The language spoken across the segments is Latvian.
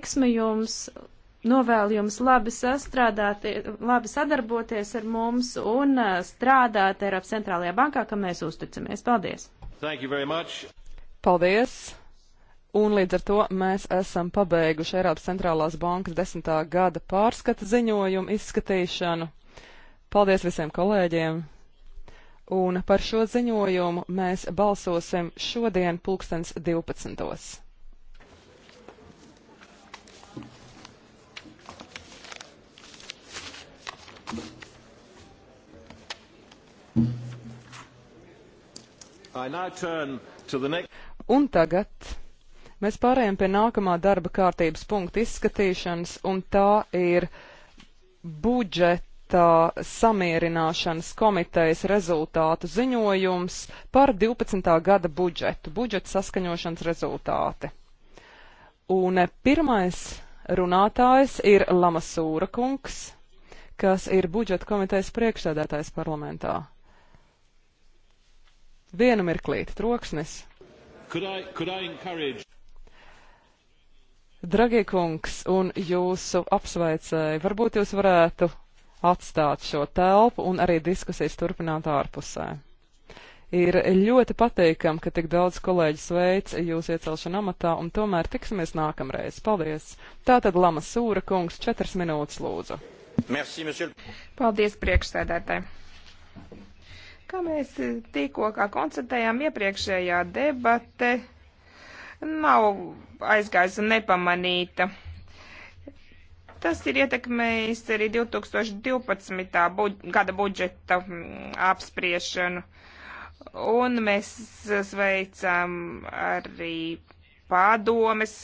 veiksmi jums, novēlu jums labi sastrādāt, labi sadarboties ar mums un eh, strādāt Eiropas centrālajā bankā, kam mēs uzticamies. Paldies! Paldies! Un līdz ar to mēs esam pabeiguši Eiropas centrālās bankas desmitā gada pārskata ziņojumu izskatīšanu. Paldies visiem kolēģiem! Un par šo ziņojumu mēs balsosim šodien pulkstens 12. Un tagad mēs pārējām pie nākamā darba kārtības punkta izskatīšanas, un tā ir budžeta samierināšanas komitejas rezultātu ziņojums par 12. gada budžetu, budžeta saskaņošanas rezultāti. Un pirmais runātājs ir Lamasūra kungs, kas ir budžeta komitejas priekšsēdētājs parlamentā. Vienu mirklīti, troksnis. Could I, could I encourage... Dragie kungs un jūsu apsveicēji, varbūt jūs varētu atstāt šo telpu un arī diskusijas turpināt ārpusē. Ir ļoti pateikam, ka tik daudz kolēģi sveic jūs iecelšanu amatā, un tomēr tiksimies nākamreiz. Paldies! Tātad Lama Sūra kungs, četras minūtes lūdzu. Merci, monsieur. Paldies, priekšsēdētāji! Kā mēs tikko konstatējām iepriekšējā debate, nav aizgājusi nepamanīta. Tas ir ietekmējis arī 2012. Buģ gada budžeta mm, apspriešanu. Un mēs sveicam arī padomes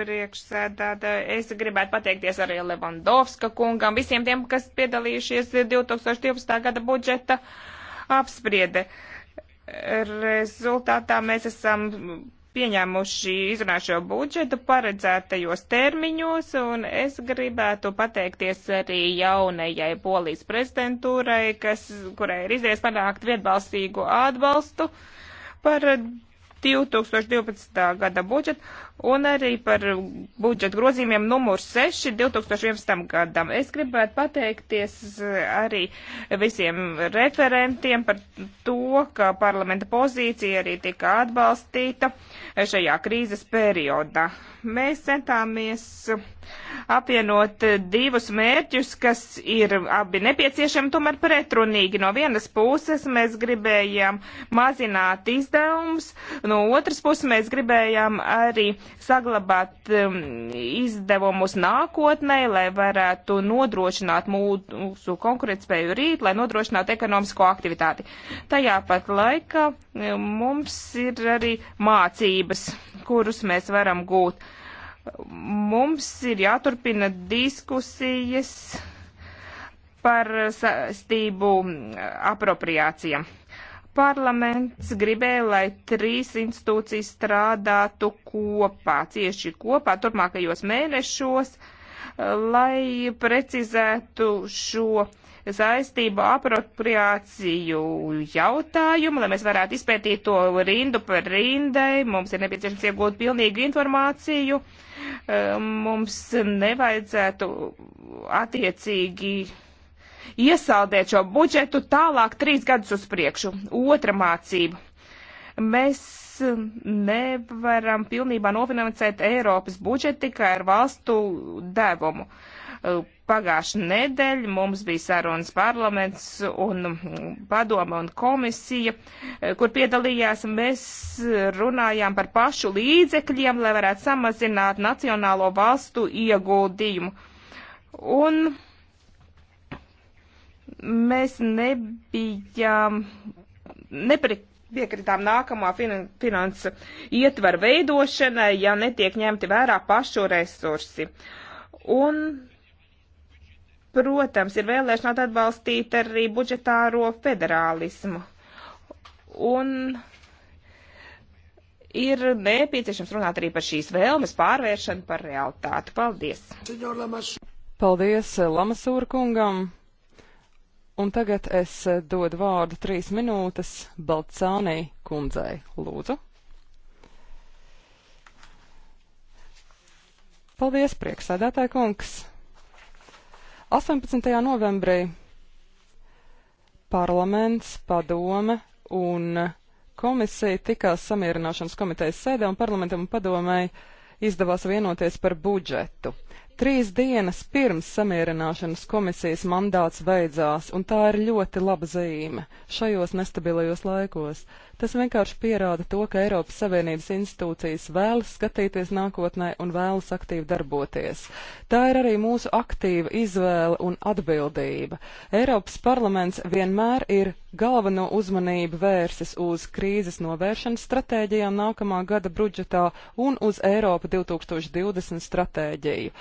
priekšsēdētāju. Es gribētu pateikties arī Levandovska kungam, visiem tiem, kas piedalījušies 2012. gada budžeta uh, apspriede. Rezultātā mēs esam pieņēmuši izrunāšo budžetu paredzētajos termiņos, un es gribētu pateikties arī jaunajai polijas prezidentūrai, kas, kurai ir izdevies panākt vietbalstīgu atbalstu par 2012. gada budžetu, un arī par budžeta grozījumiem numur 6 2011. gadam. Es gribētu pateikties eh, arī visiem referentiem par to, ka parlamenta pozīcija arī tika atbalstīta eh, šajā krīzes periodā. Mēs centāmies apvienot divus mērķus, kas ir abi nepieciešami, tomēr pretrunīgi. No vienas puses mēs gribējām mazināt izdevumus, no otras puses mēs gribējām arī uh, saglabāt um, izdevumus nākotnē, lai varētu nodrošināt mūsu konkurētspēju rīt, lai nodrošinātu ekonomisko aktivitāti. Tajā pat laikā um, mums ir arī mācības, kurus mēs varam gūt. Mums ir jāturpina diskusijas par saistību um, apropriācijām Parlaments gribēja, lai trīs institūcijas strādātu kopā, cieši kopā turpmākajos mēnešos, lai precizētu šo saistību apropriāciju jautājumu, lai mēs varētu izpētīt to rindu par rindai. Mums ir nepieciešams iegūt pilnīgu informāciju. Mums nevajadzētu attiecīgi iesaldēt šo budžetu tālāk trīs gadus uz priekšu. Otra mācība. Mēs nevaram pilnībā nofinansēt Eiropas budžetu tikai ar valstu devumu. Pagājušā nedēļa mums bija sarunas parlaments un padoma un komisija, kur piedalījās. Mēs runājām par pašu līdzekļiem, lai varētu samazināt nacionālo valstu ieguldījumu. Un Mēs nebijām, nepiekritām nākamā finansa ietvara veidošanai, ja netiek ņemti vērā pašu resursi. Un protams, ir vēlēšanās atbalstīt arī budžetāro federālismu. Un ir nepieciešams runāt arī par šīs vēlmes pārvēršanu par realitāti. Paldies! Paldies Lamasūra kungam! Un tagad es eh, dodu vārdu trīs minūtes Balcānī kundzei. Lūdzu. Paldies, prieksēdētāji kungs. 18. novembrī parlaments, padome un komisija tikās samierināšanas komitejas sēdē un parlamentam un padomai izdevās vienoties par budžetu. Trīs dienas pirms samierināšanas komisijas mandāts beidzās, un tā ir ļoti laba zīme šajos nestabilajos laikos. Tas vienkārši pierāda to, ka Eiropas Savienības institūcijas vēlas skatīties nākotnē un vēlas aktīvi darboties. Tā ir arī mūsu aktīva izvēle un atbildība. Eiropas parlaments vienmēr ir galveno uzmanību vērsis uz krīzes novēršanas stratēģijām nākamā gada budžetā un uz Eiropa 2020 stratēģiju.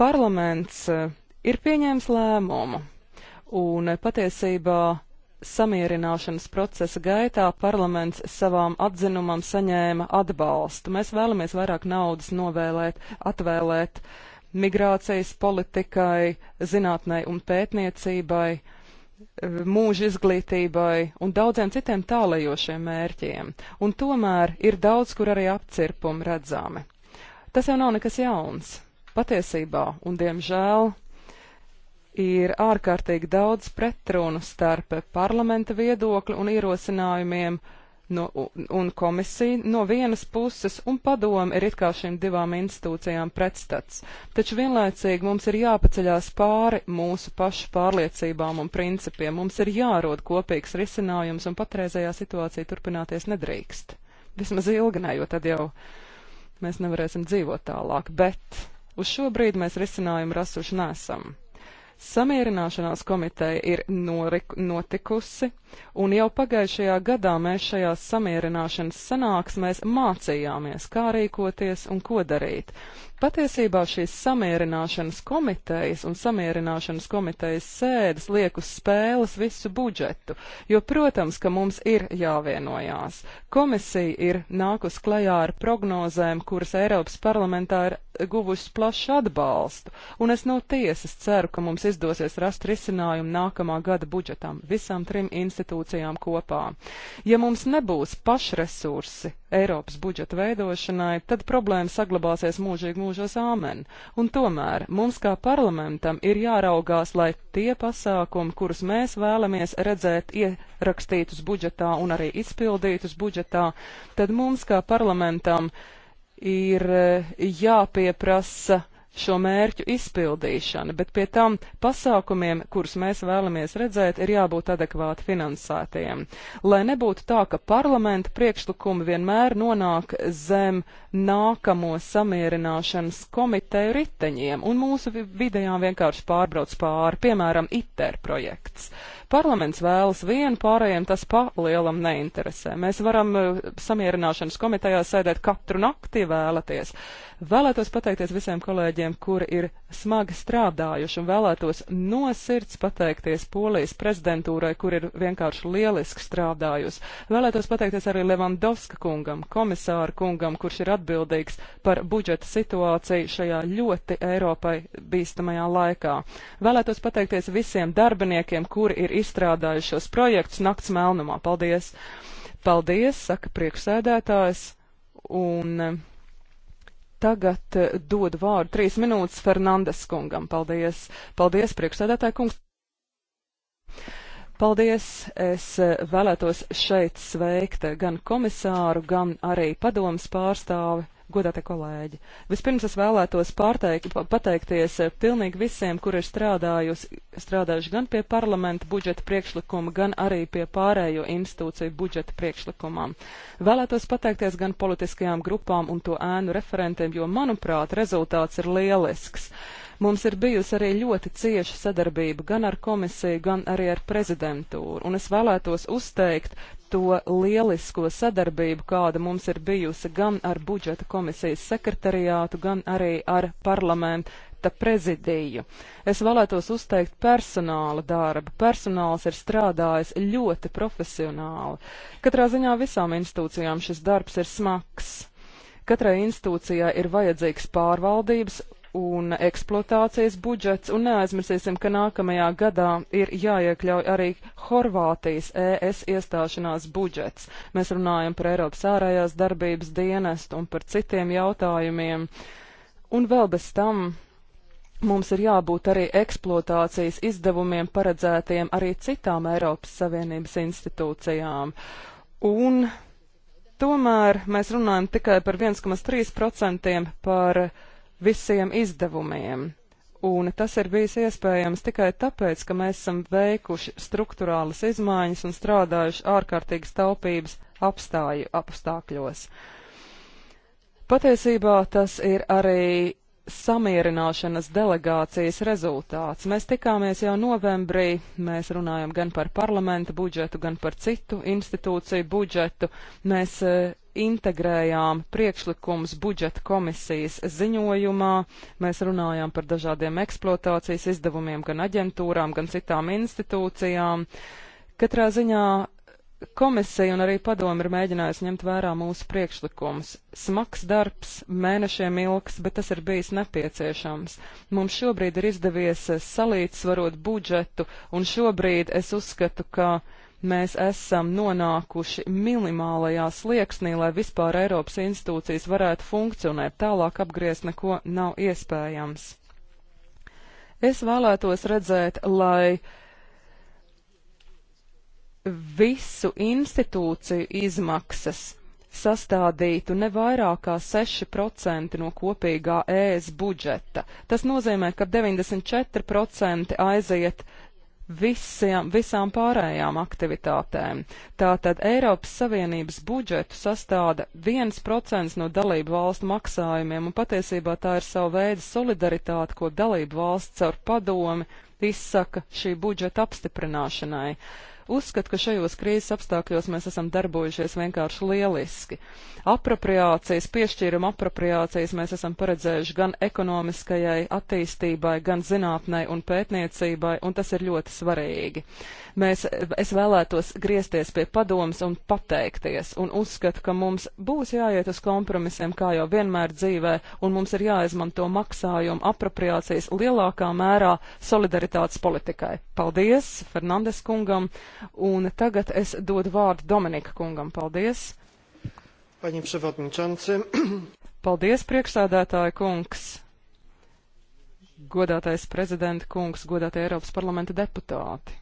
Parlaments eh, ir pieņēmis lēmumu, un eh, patiesībā samierināšanas procesa gaitā parlaments savām atzinumam saņēma atbalstu. Mēs vēlamies vairāk naudas novēlēt, atvēlēt migrācijas politikai, zinātnei un pētniecībai, eh, mūža izglītībai un daudziem citiem tālajošiem mērķiem. Un tomēr ir daudz, kur arī apcirpumi redzami. Tas jau nav nekas jauns. Patiesībā, un diemžēl, ir ārkārtīgi daudz pretrunu starp parlamenta viedokli un ierosinājumiem no, un komisiju no vienas puses, un padomu ir it kā šīm divām institūcijām pretstats. Taču vienlaicīgi mums ir jāpaceļās pāri mūsu pašu pārliecībām un principiem. Mums ir jārod kopīgs risinājums, un patreizējā situācija turpināties nedrīkst. Vismaz ilgi ne, jo tad jau mēs nevarēsim dzīvot tālāk. Bet Uz šo brīdi mēs risinājumu rasuši nesam. Samierināšanās komiteja ir norik, notikusi, un jau pagājušajā gadā mēs šajās samierināšanas sanāksmēs mācījāmies, kā rīkoties un ko darīt. Patiesībā šīs samierināšanas komitejas un samierināšanas komitejas sēdes liek uz spēles visu budžetu, jo, protams, ka mums ir jāvienojās. Komisija ir nākus klajā ar prognozēm, kuras Eiropas parlamentā ir guvušas plašu atbalstu, un es no tiesas ceru, ka mums izdosies rast risinājumu nākamā gada budžetam visām trim institūcijām kopā. Ja mums nebūs pašresursi Eiropas budžeta veidošanai, tad problēma saglabāsies mūžīgi mūžīgi mūžos āmen. Un tomēr mums kā parlamentam ir jāraugās, lai tie pasākumi, kurus mēs vēlamies redzēt ierakstītus budžetā un arī izpildītus budžetā, tad mums kā parlamentam ir eh, jāpieprasa šo mērķu izpildīšana, bet pie tam pasākumiem, kurus mēs vēlamies redzēt, ir jābūt adekvāti finansētiem. Lai nebūtu tā, ka parlamenta priekšlikumi vienmēr nonāk zem nākamo samierināšanas komiteju riteņiem un mūsu vidējām vienkārši pārbrauc pāri, piemēram, ITER projekts. Parlaments vēlas vienu, pārējiem tas pa lielam neinteresē. Mēs varam uh, samierināšanas komitejā sēdēt katru nakti, vēlaties. Vēlētos pateikties visiem kolēģiem kolēģiem, kuri ir smagi strādājuši un vēlētos no sirds pateikties Polijas prezidentūrai, kur ir vienkārši lieliski strādājusi. Vēlētos pateikties arī Levandovska kungam, komisāra kungam, kurš ir atbildīgs par budžeta situāciju šajā ļoti Eiropai bīstamajā laikā. Vēlētos pateikties visiem darbiniekiem, kuri ir izstrādājuši šos projektus nakts melnumā. Paldies! Paldies, saka priekšsēdētājs. Un Tagad eh, dod vārdu trīs minūtes Fernandes kungam. Paldies, paldies priekšsēdētāji kungs. Paldies! Es eh, vēlētos šeit sveikt gan komisāru, gan arī padomas pārstāvi godātie kolēģi. Vispirms es vēlētos pārteikt, pateikties eh, pilnīgi visiem, kur ir strādājuši gan pie parlamenta budžeta priekšlikuma, gan arī pie pārējo institūciju budžeta priekšlikumam. Vēlētos pateikties gan politiskajām grupām un to ēnu referentiem, jo, manuprāt, rezultāts ir lielisks. Mums ir bijusi arī ļoti cieša sadarbība gan ar komisiju, gan arī ar prezidentūru, un es vēlētos uzteikt to lielisko sadarbību, kāda mums ir bijusi gan ar budžeta komisijas sekretariātu, gan arī ar parlamenta prezidiju. Es vēlētos uzteikt personāla darbu. Personāls ir strādājis ļoti profesionāli. Katrā ziņā visām institūcijām šis darbs ir smags. Katrai institūcijai ir vajadzīgs pārvaldības un eksploatācijas budžets, un neaizmirsīsim, ka nākamajā gadā ir jāiekļauj arī Horvātijas ES iestāšanās budžets. Mēs runājam par Eiropas ārējās darbības dienestu un par citiem jautājumiem. Un vēl bez tam mums ir jābūt arī eksploatācijas izdevumiem paredzētiem arī citām Eiropas Savienības institūcijām. Un tomēr mēs runājam tikai par 1,3% par visiem izdevumiem. Un tas ir bijis iespējams tikai tāpēc, ka mēs esam veikuši struktūrālas izmaiņas un strādājuši ārkārtīgas taupības apstāju apstākļos. Patiesībā tas ir arī samierināšanas delegācijas rezultāts. Mēs tikāmies jau novembrī, mēs runājam gan par parlamenta budžetu, gan par citu institūciju budžetu. Mēs e, integrējām priekšlikums budžeta komisijas ziņojumā. Mēs runājām par dažādiem eksploatācijas izdevumiem gan aģentūrām, gan citām institūcijām. Katrā ziņā komisija un arī padomi ir mēģinājusi ņemt vērā mūsu priekšlikumus. Smags darbs, mēnešiem ilgs, bet tas ir bijis nepieciešams. Mums šobrīd ir izdevies salīdzvarot budžetu, un šobrīd es uzskatu, ka mēs esam nonākuši minimālajā slieksnī, lai vispār Eiropas institūcijas varētu funkcionēt. Tālāk apgriezt neko nav iespējams. Es vēlētos redzēt, lai visu institūciju izmaksas sastādītu ne vairāk kā 6% no kopīgā ES budžeta. Tas nozīmē, ka 94% aiziet uh, visiem, visām pārējām aktivitātēm. Tātad Eiropas Savienības budžetu sastāda 1% no dalību valstu maksājumiem, un patiesībā tā ir sava veida solidaritāte, ko dalību valsts caur padomi izsaka šī budžeta apstiprināšanai. Uzskatu, ka šajos krīzes apstākļos mēs esam darbojušies vienkārši lieliski. Apropriācijas, piešķīruma apropriācijas mēs esam paredzējuši gan ekonomiskajai attīstībai, gan zinātnei un pētniecībai, un tas ir ļoti svarīgi. Mēs, es vēlētos griezties pie padomas un pateikties, un uzskatu, ka mums būs jāiet uz kompromisiem, kā jau vienmēr dzīvē, un mums ir jāizmanto maksājumu apropriācijas lielākā mērā solidaritātes politikai. Paldies Fernandes kungam! Un tagad es dodu vārdu Dominika kungam. Paldies! Paldies, priekšsādātāja kungs! Godātais prezidenta kungs, godātie Eiropas parlamenta deputāti!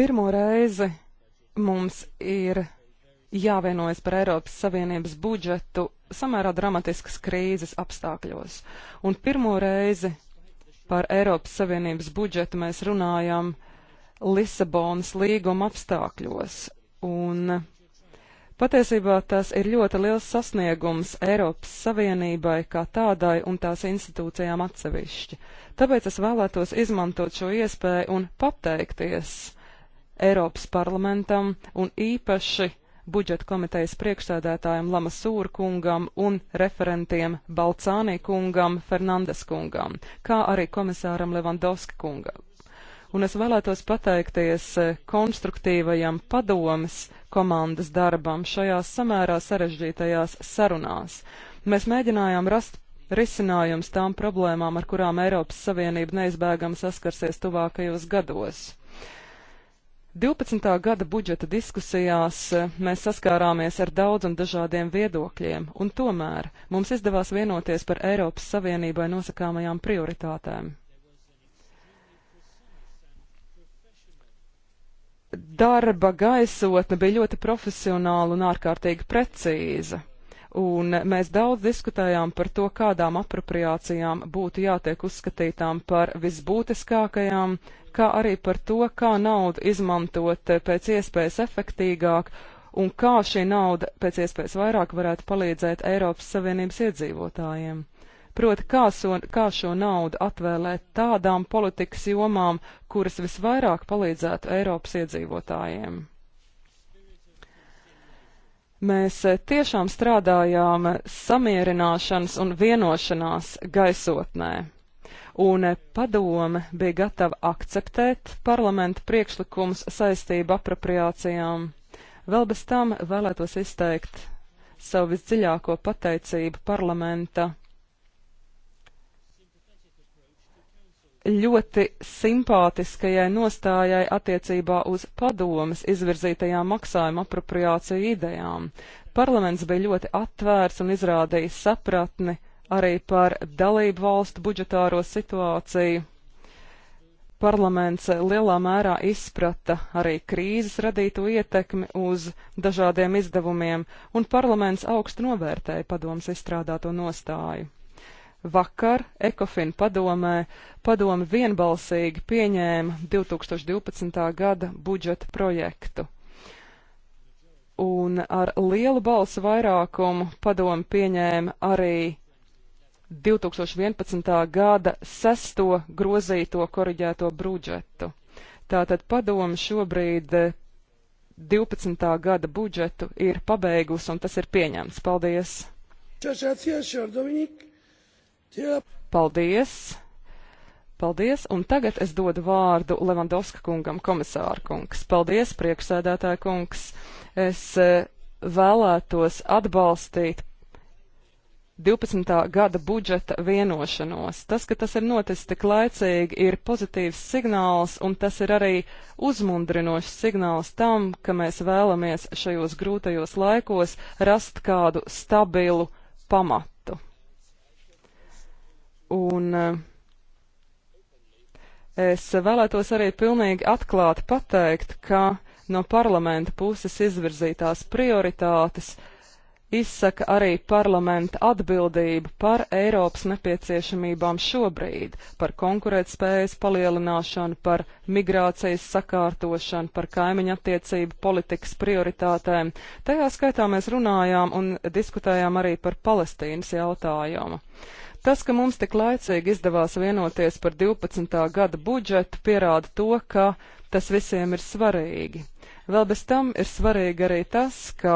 Pirmo reizi mums ir jāvienojas par Eiropas Savienības budžetu samērā dramatiskas krīzes apstākļos. Un pirmo reizi par Eiropas Savienības budžetu mēs runājam Lisabonas līguma apstākļos. Un patiesībā tas ir ļoti liels sasniegums Eiropas Savienībai kā tādai un tās institūcijām atsevišķi. Tāpēc es vēlētos izmantot šo iespēju un pateikties Eiropas parlamentam un īpaši budžeta komitejas priekšsēdētājam Lamasūra kungam un referentiem Balcānī kungam, Fernandes kungam, kā arī komisāram Levandovski kungam. Un es vēlētos pateikties eh, konstruktīvajam padomas komandas darbam šajās samērā sarežģītajās sarunās. Mēs mēģinājām rast risinājums tām problēmām, ar kurām Eiropas Savienība neizbēgami saskarsies tuvākajos gados. 12. gada budžeta diskusijās e, mēs saskārāmies ar daudz un dažādiem viedokļiem, un tomēr mums izdevās vienoties par Eiropas Savienībai nosakāmajām prioritātēm. Darba gaisotne bija ļoti profesionāla un ārkārtīgi precīza un mēs daudz diskutējām par to, kādām apropriācijām būtu jātiek uzskatītām par visbūtiskākajām, kā arī par to, kā naudu izmantot pēc iespējas efektīgāk un kā šī nauda pēc iespējas vairāk varētu palīdzēt Eiropas Savienības iedzīvotājiem. Proti, kā, so, kā šo naudu atvēlēt tādām politikas jomām, kuras visvairāk palīdzētu Eiropas iedzīvotājiem. Mēs eh, tiešām strādājām eh, samierināšanas un vienošanās gaisotnē, un eh, padome bija gatava akceptēt parlamenta priekšlikums saistību apropriācijām. Vēl bez tam vēlētos izteikt savu visdziļāko pateicību parlamenta ļoti simpātiskajai nostājai attiecībā uz padomas izvirzītajām maksājuma apropriāciju idejām. Parlaments bija ļoti atvērts un izrādīja sapratni arī par dalību valstu budžetāro situāciju. Parlaments lielā mērā izprata arī krīzes radīto ietekmi uz dažādiem izdevumiem, un parlaments augstu novērtēja padomas izstrādāto nostāju. Vakar Ekofin padomē padomi vienbalsīgi pieņēma 2012. gada budžeta projektu. Un ar lielu balsu vairākumu padomi pieņēma arī 2011. gada sesto grozīto koriģēto budžetu. Tātad padomi šobrīd 12. Eh, gada budžetu ir pabeigusi un tas ir pieņemts. Paldies! Čas, atsies, šor, Dominika! Paldies! Paldies, un tagad es dodu vārdu Levandovska kungam, komisāra kungs. Paldies, priekšsēdētāja kungs. Es e, vēlētos atbalstīt 12. gada budžeta vienošanos. Tas, ka tas ir noticis tik laicīgi, ir pozitīvs signāls, un tas ir arī uzmundrinošs signāls tam, ka mēs vēlamies šajos grūtajos laikos rast kādu stabilu pamatu. Un eh, es vēlētos arī pilnīgi atklāti pateikt, ka no parlamenta puses izvirzītās prioritātes izsaka arī parlamenta atbildību par Eiropas nepieciešamībām šobrīd, par konkurētspējas palielināšanu, par migrācijas sakārtošanu, par kaimiņu attiecību politikas prioritātēm. Tajā skaitā mēs runājām un diskutējām arī par Palestīnas jautājumu. Tas, ka mums tik laicīgi izdevās vienoties par 12. gada budžetu, pierāda to, ka tas visiem ir svarīgi. Vēl bez tam ir svarīgi arī tas, ka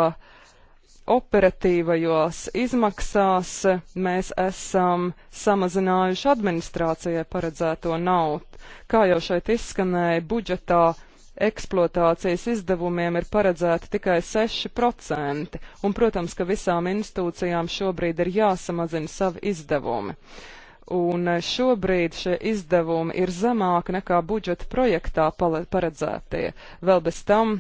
operatīvajos izmaksās mēs esam samazinājuši administrācijai paredzēto naudu. Kā jau šeit izskanēja, budžetā eksploatācijas izdevumiem ir paredzēta tikai 6%, un, protams, ka visām institūcijām šobrīd ir jāsamazina savi izdevumi. Un eh, šobrīd šie izdevumi ir zemāki nekā budžeta projektā paredzētie. Vēl bez tam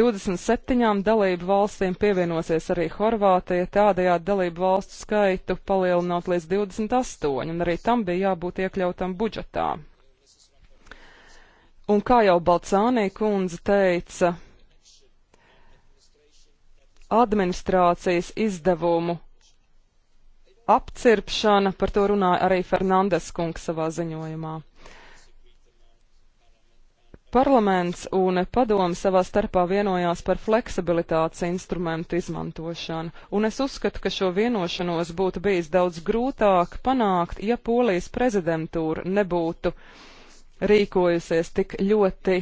27 dalību valstīm pievienosies arī Horvātija, tādējādi dalību valstu skaitu palielinot līdz 28, un arī tam bija jābūt iekļautam budžetā. Un kā jau Balcānī kundze teica, administrācijas izdevumu apcirpšana, par to runāja arī Fernandes kungs savā ziņojumā. Parlaments un padomi savā starpā vienojās par fleksibilitātes instrumentu izmantošanu, un es uzskatu, ka šo vienošanos būtu bijis daudz grūtāk panākt, ja Polijas prezidentūra nebūtu uh, rīkojusies tik ļoti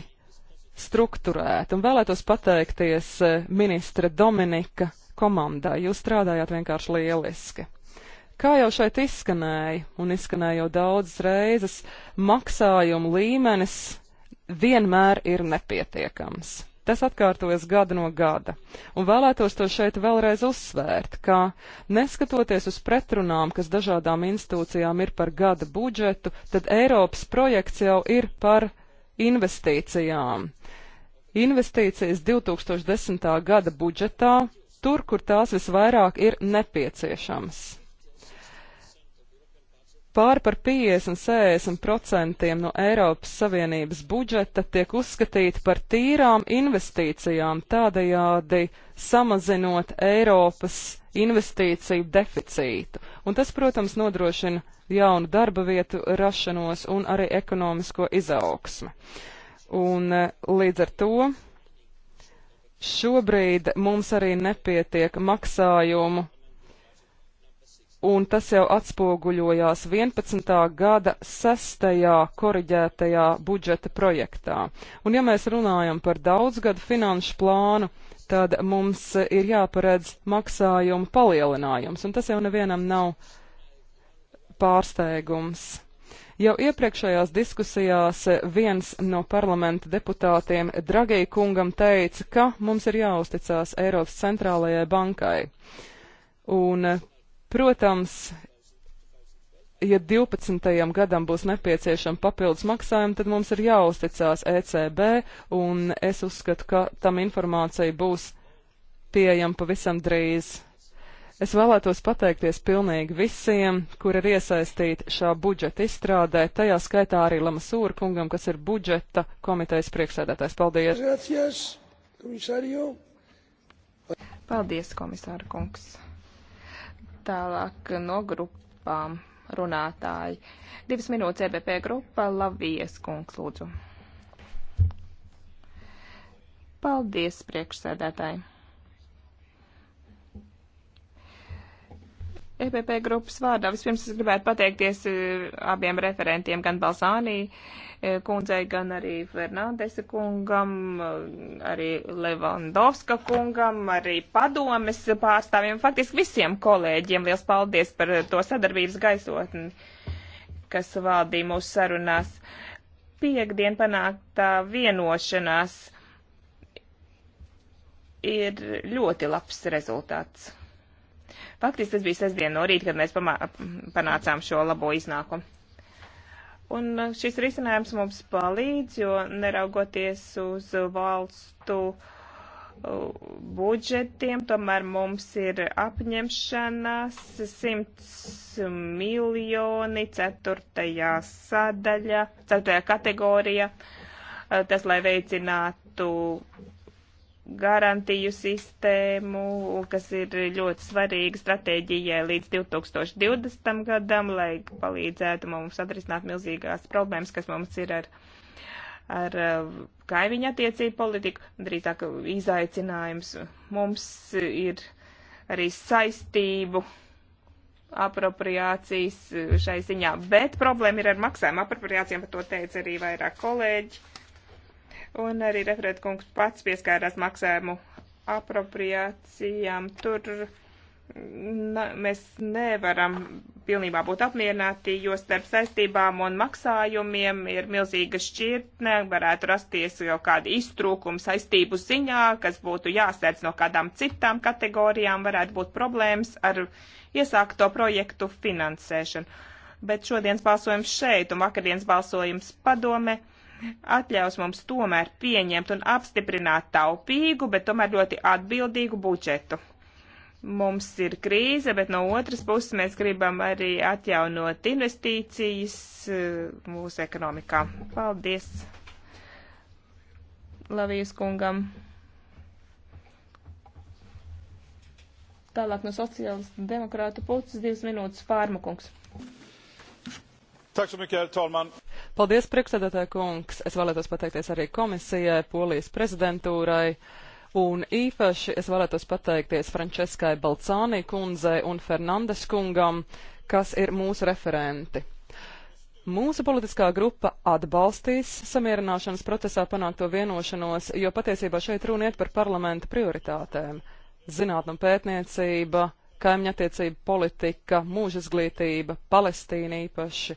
strukturēti. Un vēlētos pateikties eh, ministra Dominika komandai. Jūs strādājāt vienkārši lieliski. Kā jau šeit izskanēja, un izskanēja jau daudzas reizes, maksājuma līmenis vienmēr ir nepietiekams. Tas atkārtojas gada no gada. Un vēlētos to šeit vēlreiz uzsvērt, ka neskatoties uz pretrunām, kas dažādām institūcijām ir par gada budžetu, tad Eiropas projekts jau ir par investīcijām. Investīcijas 2010. gada budžetā, tur, kur tās visvairāk ir nepieciešamas. Pār par 50-60% no Eiropas Savienības budžeta tiek uzskatīti par tīrām investīcijām, tādējādi samazinot Eiropas investīciju deficītu. Un tas, protams, nodrošina jaunu darba vietu rašanos un arī ekonomisko izaugsmi. Un e, līdz ar to šobrīd mums arī nepietiek maksājumu un tas jau atspoguļojās 11. gada 6. koriģētajā budžeta projektā. Un ja mēs runājam par daudzgadu finanšu plānu, tad mums ir jāparedz maksājumu palielinājums, un tas jau nevienam nav pārsteigums. Jau iepriekšējās diskusijās viens no parlamenta deputātiem Dragija kungam teica, ka mums ir jāuzticās Eiropas centrālajai bankai. Un Protams, ja 12. gadam būs nepieciešama papildus maksājuma, tad mums ir jāuzticās ECB, un es uzskatu, ka tam informācija būs pieejama pavisam drīz. Es vēlētos pateikties pilnīgi visiem, kur ir iesaistīti šā budžeta izstrādē, tajā skaitā arī Lama Sūra kungam, kas ir budžeta komitejas priekšsēdētājs. Paldies! Gracias, komisārio. Paldies, komisāra kungs! Tālāk no grupām runātāji. Divas minūtes EBP grupa Lavijas kungs lūdzu. Paldies priekšsēdētāji. EPP grupas vārdā. Vispirms es gribētu pateikties e, abiem referentiem, gan Balzānī e, kundzei, gan arī Fernandesa kungam, e, arī Levandovska kungam, arī padomes pārstāvjiem, faktiski visiem kolēģiem. Liels paldies par to sadarbības gaisotni, kas valdīja mūsu sarunās. Piekdien panāktā vienošanās ir ļoti labs rezultāts. Faktiski tas bija sestdien no rīta, kad mēs panācām šo labo iznākumu. Un uh, šis risinājums mums palīdz, jo neraugoties uz valstu uh, budžetiem, tomēr mums ir apņemšanas 100 miljoni 4. sadaļa, 4. kategorija, uh, tas lai veicinātu garantiju sistēmu, kas ir ļoti svarīga stratēģijai līdz 2020. gadam, lai palīdzētu mums atrisināt milzīgās problēmas, kas mums ir ar, ar uh, kaimiņa attiecību politiku, drīzāk izaicinājums. Mums ir arī saistību apropriācijas uh, šai ziņā, bet problēma ir ar maksājumu apropriācijām, par to teica arī vairāk kolēģi Un arī referētkungs pats pieskārās maksājumu apropriācijām. Tur mm, na, mēs nevaram pilnībā būt apmierināti, jo starp saistībām un maksājumiem ir milzīga šķirtne, varētu rasties jau kādi iztrūkumi saistību ziņā, kas būtu jāsēc no kādām citām kategorijām, varētu būt problēmas ar iesākto projektu finansēšanu. Bet šodienas balsojums šeit un vakardienas balsojums padome atļaus mums tomēr pieņemt un apstiprināt taupīgu, bet tomēr ļoti atbildīgu budžetu. Mums ir krīze, bet no otras puses mēs gribam arī atjaunot investīcijas e, mūsu ekonomikā. Paldies Lavijas kungam. Tālāk no sociālas demokrāta puses divas minūtes Fārmakungs. Tack så mycket, herr talman. Paldies, priekšsēdētāja kungs. Es vēlētos pateikties arī komisijai, polijas prezidentūrai. Un īpaši es vēlētos pateikties Franceskai Balcānī kundzei un Fernandes kungam, kas ir mūsu referenti. Mūsu politiskā grupa atbalstīs samierināšanas procesā panākto vienošanos, jo patiesībā šeit runa iet par parlamenta prioritātēm - zinātnum pētniecība, kaimiņattiecība politika, mūža izglītība, Palestīna īpaši.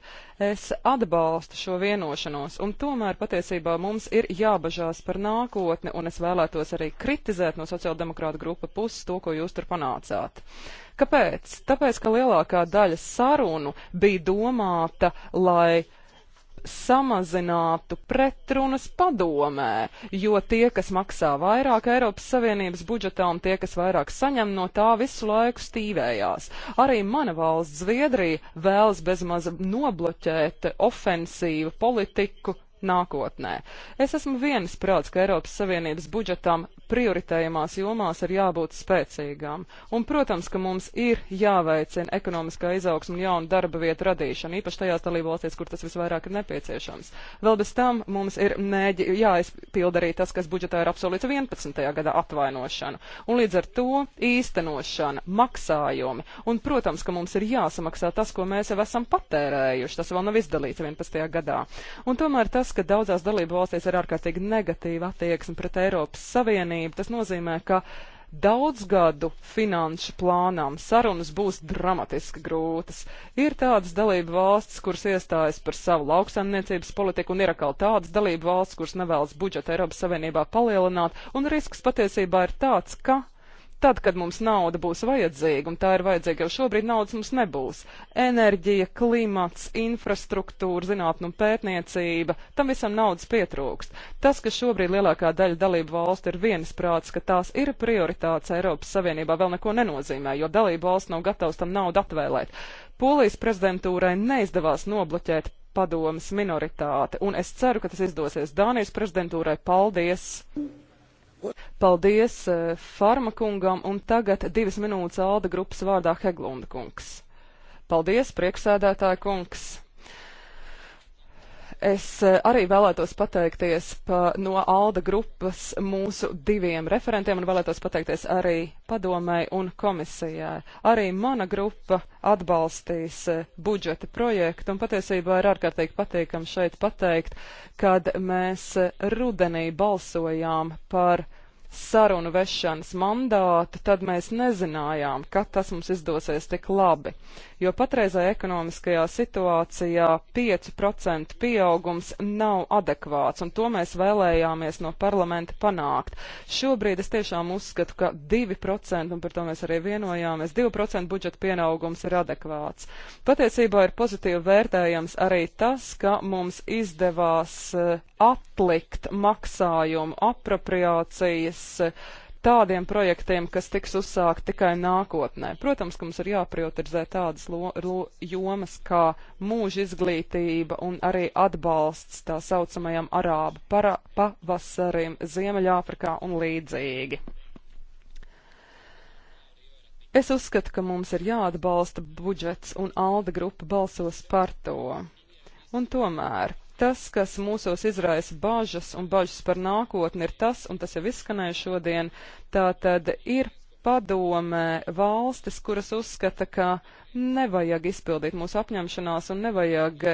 Es atbalstu šo vienošanos, un tomēr patiesībā mums ir jābažās par nākotni, un es vēlētos arī kritizēt no sociāldemokrāta grupa puses to, ko jūs tur panācāt. Kāpēc? Tāpēc, ka lielākā daļa sarunu bija domāta, lai samazinātu pretrunas padomē, jo tie, kas maksā vairāk Eiropas Savienības budžetā un tie, kas vairāk saņem no tā, visu laiku stīvējās. Arī mana valsts Zviedrija vēlas bezmaz nobloķēt ofensīvu politiku nākotnē. Es esmu vienas prāts, ka Eiropas Savienības budžetam prioritējumās jomās ir jābūt spēcīgām. Un, protams, ka mums ir jāveicina ekonomiskā izaugsma un jauna darba vieta radīšana, īpaši tajās dalībvalstīs, kur tas visvairāk ir nepieciešams. Vēl bez tam mums ir mēģi, jāizpild arī tas, kas budžetā ir absolūti 11. gadā atvainošana. Un līdz ar to īstenošana, maksājumi. Un, protams, ka mums ir jāsamaksā tas, ko mēs jau esam patērējuši. Tas vēl nav izdalīts 11. gadā. Un tomēr tas, ka daudzās dalību valstīs ir ārkārtīgi negatīva attieksme pret Eiropas Savienību. Tas nozīmē, ka daudzgadu finanšu plānām sarunas būs dramatiski grūtas. Ir tādas dalību valstis, kuras iestājas par savu lauksaimniecības politiku, un ir atkal tādas dalību valstis, kuras nevēlas budžetu Eiropas Savienībā palielināt, un risks patiesībā ir tāds, ka Tad, kad mums nauda būs vajadzīga, un tā ir vajadzīga jau šobrīd, naudas mums nebūs. Enerģija, klimats, infrastruktūra, zinātnē un pētniecība - tam visam naudas pietrūkst. Tas, ka šobrīd lielākā daļa dalību valstu ir viensprāts, ka tās ir prioritātes Eiropas Savienībā, vēl neko nenozīmē, jo dalību valsts nav gatavs tam naudu atvēlēt. Polijas prezidentūrai neizdevās nobloķēt padomas minoritāti, un es ceru, ka tas izdosies Dānijas prezidentūrai. Paldies! Paldies eh, Farmakungam un tagad divas minūtes Alda grupas vārdā Heglunda kungs. Paldies, prieksēdētāja kungs! Es eh, arī vēlētos pateikties pa, no ALDA grupas mūsu diviem referentiem un vēlētos pateikties arī padomai un komisijai. Arī mana grupa atbalstīs eh, budžeta projektu un patiesībā ir ārkārtīgi patīkam šeit pateikt, kad mēs eh, rudenī balsojām par sarunu vešanas mandātu, tad mēs nezinājām, ka tas mums izdosies tik labi. Uh, jo patreizai ekonomiskajā situācijā 5% pieaugums nav adekvāts, un to mēs vēlējāmies no parlamenta panākt. Šobrīd es tiešām uzskatu, ka 2%, un par to mēs arī vienojāmies, 2% budžeta pieaugums ir adekvāts. Patiesībā ir pozitīvi vērtējams arī tas, ka mums izdevās eh, aplikt maksājumu apropriācijas tādiem projektiem, kas tiks uzsākt tikai nākotnē. Protams, ka mums ir jāprioritizē tādas lo, lo, jomas kā mūža izglītība un arī atbalsts tā saucamajam arābu para, pavasarim Ziemeļāfrikā un līdzīgi. Es uzskatu, ka mums ir jāatbalsta budžets, un Alda grupa balsos par to. Un tomēr Tas, kas mūsos izraisa bažas un bažas par nākotni, ir tas, un tas jau izskanēja šodien, tā tad ir padomē valstis, kuras uzskata, ka nevajag izpildīt mūsu apņemšanās un nevajag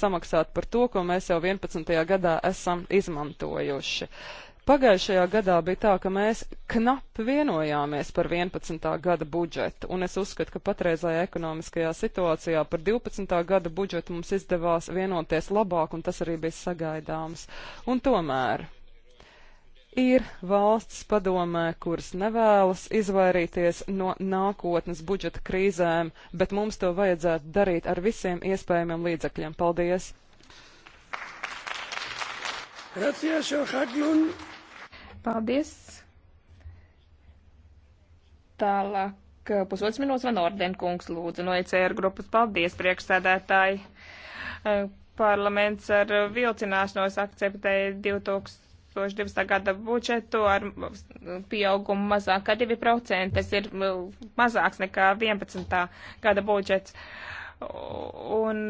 samaksāt par to, ko mēs jau 11. gadā esam izmantojuši. Uh, Pagājušajā gadā bija tā, ka mēs knap vienojāmies par 11. gada budžetu, un es uzskatu, ka patreizajā ekonomiskajā situācijā par 12. gada budžetu mums izdevās vienoties labāk, un tas arī bija sagaidāms. Un tomēr ir valsts padomē, kuras nevēlas izvairīties no nākotnes budžeta krīzēm, bet mums to vajadzētu darīt ar visiem iespējamiem līdzekļiem. Paldies! Gracias, Paldies. Tālāk eh, pusotras minūtes man orden kungs lūdzu no ECR grupas. Paldies, priekšsēdētāji. Eh, parlaments ar vilcināšanos akceptēja 2000. 2020. gada budžetu ar pieaugumu mazāk kā 2%. Tas ir eh, mazāks nekā 11. gada budžets. Uh, un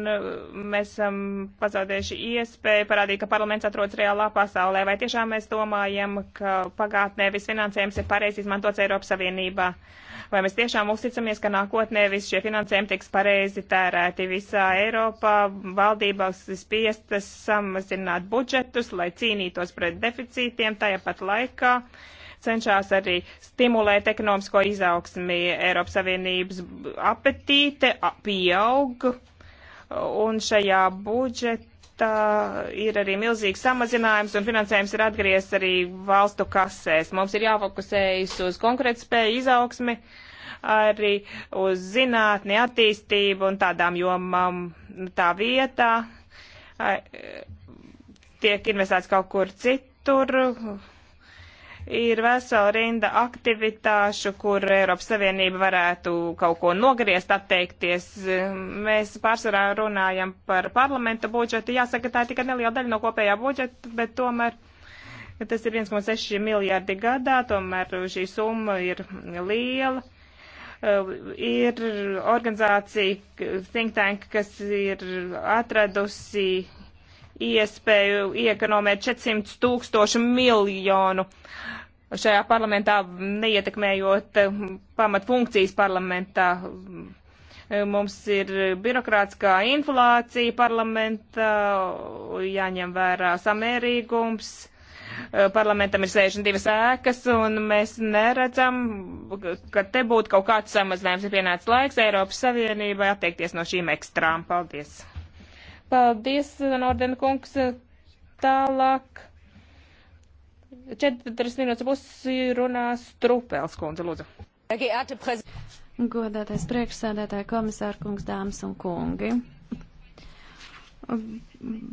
mēs esam pazaudējuši iespēju parādīt, ka parlaments atrodas reālā pasaulē. Vai tiešām mēs domājam, ka pagātnē viss finansējums ir pareizi izmantots Eiropas Savienībā? Vai mēs tiešām uzticamies, ka nākotnē viss šie finansējumi tiks pareizi tērēti visā Eiropā, valdībās spiestas samazināt budžetus, lai cīnītos pret deficītiem tajā pat laikā? Uh, cenšas arī stimulēt ekonomisko izaugsmi. Eiropas Savienības apetīte pieaug, un šajā budžetā budžetā ir arī milzīgs samazinājums, un finansējums ir atgriezies arī valstu kasēs. Mums ir jāfokusējas uz konkurētspēju izaugsmi, arī uz zinātni, attīstību un tādām jomām tā vietā tiek investēts kaut kur citur ir vesela rinda aktivitāšu, kur Eiropas Savienība varētu kaut ko nogriezt, atteikties. Mēs pārsvarā runājam par parlamenta budžetu. Jāsaka, tā ir tikai neliela daļa no kopējā budžeta, bet tomēr. Tas ir 1,6 miljārdi gadā, tomēr šī summa ir liela ir organizācija Think Tank, kas ir atradusi iespēju iekonomēt 400 tūkstošu miljonu šajā parlamentā, neietekmējot eh, pamatfunkcijas parlamentā. Eh, mums ir birokrātiskā inflācija parlamentā, jāņem vērā samērīgums eh, parlamentam ir 62 ēkas, un mēs neredzam, ka te būtu kaut kāds samazinājums, ir pienācis laiks Eiropas Savienībai atteikties no šīm ekstrām. Paldies! Paldies, Norden kungs. Tālāk. 4 minūtes būs runās Trupēls kundze, lūdzu. Godātais priekšsēdētāja komisāra kungs, dāmas un kungi.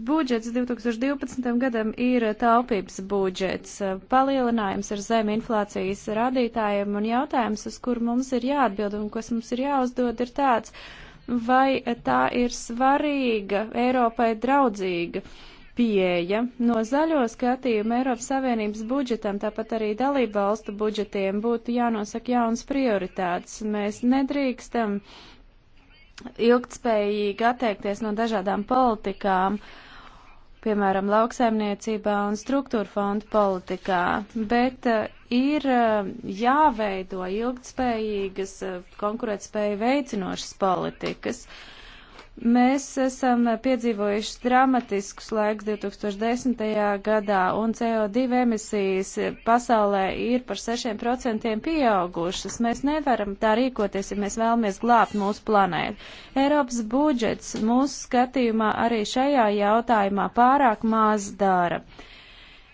Budžets 2012. gadam ir taupības budžets. Palielinājums ir zem inflācijas rādītājiem un jautājums, uz kur mums ir jāatbild un kas mums ir jāuzdod, ir tāds. Uh, vai tā ir svarīga Eiropai draudzīga pieeja. No zaļo skatījuma Eiropas Savienības budžetam, tāpat arī dalību valstu budžetiem būtu jānosaka jaunas prioritātes. Mēs nedrīkstam ilgtspējīgi atteikties no dažādām politikām. Uh, piemēram, lauksaimniecībā un struktūra fondu politikā, bet eh, ir eh, jāveido ilgtspējīgas eh, konkurētspēju veicinošas politikas. Uh, Mēs esam piedzīvojuši dramatiskus laikus 2010. gadā, un CO2 emisijas pasaulē ir par 6% pieaugušas. Mēs nevaram tā rīkoties, ja mēs vēlamies glābt mūsu planētu. Eiropas budžets mūsu skatījumā arī šajā jautājumā pārāk maz dara. Uh,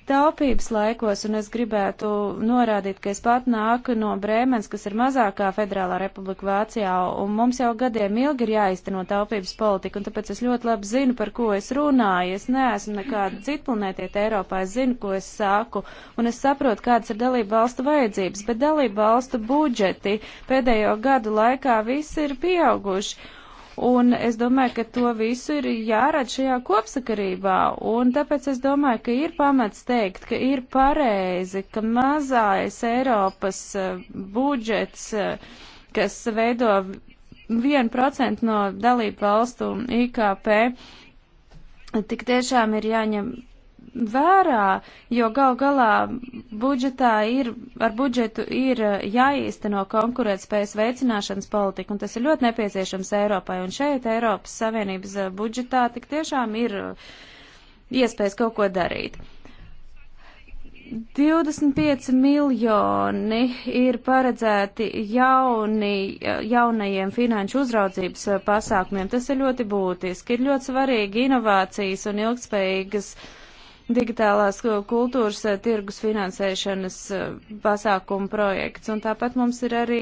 taupības laikos, un es gribētu norādīt, ka es pat nāku no Brēmens, kas ir mazākā federālā republika Vācijā, un mums jau gadiem ilgi ir jāizteno taupības politika, un tāpēc es ļoti labi zinu, par ko es runāju. Es neesmu nekāda citplanētieta Eiropā, es zinu, ko es saku, un es saprotu, kādas ir dalība valstu vajadzības, bet dalība valstu budžeti pēdējo gadu laikā visi ir pieauguši. Un es domāju, ka to visu ir jārada šajā kopsakarībā. Un tāpēc es domāju, ka ir pamats teikt, ka ir pareizi, ka mazais Eiropas eh, budžets, eh, kas veido 1% no dalību valstu IKP, tik tiešām ir jāņem vērā, jo gal galā budžetā ir, ar budžetu ir eh, jāīsteno konkurētspējas veicināšanas politika, un tas ir ļoti nepieciešams Eiropai. Un šeit Eiropas Savienības eh, budžetā tik tiešām ir eh, iespējas kaut ko darīt. 25 miljoni ir paredzēti jauni, jaunajiem finanšu uzraudzības pasākumiem. Tas ir ļoti būtiski. Ir ļoti svarīgi inovācijas un ilgspējīgas uh, digitālās kultūras eh, tirgus finansēšanas eh, pasākumu projekts. Un tāpat mums ir arī,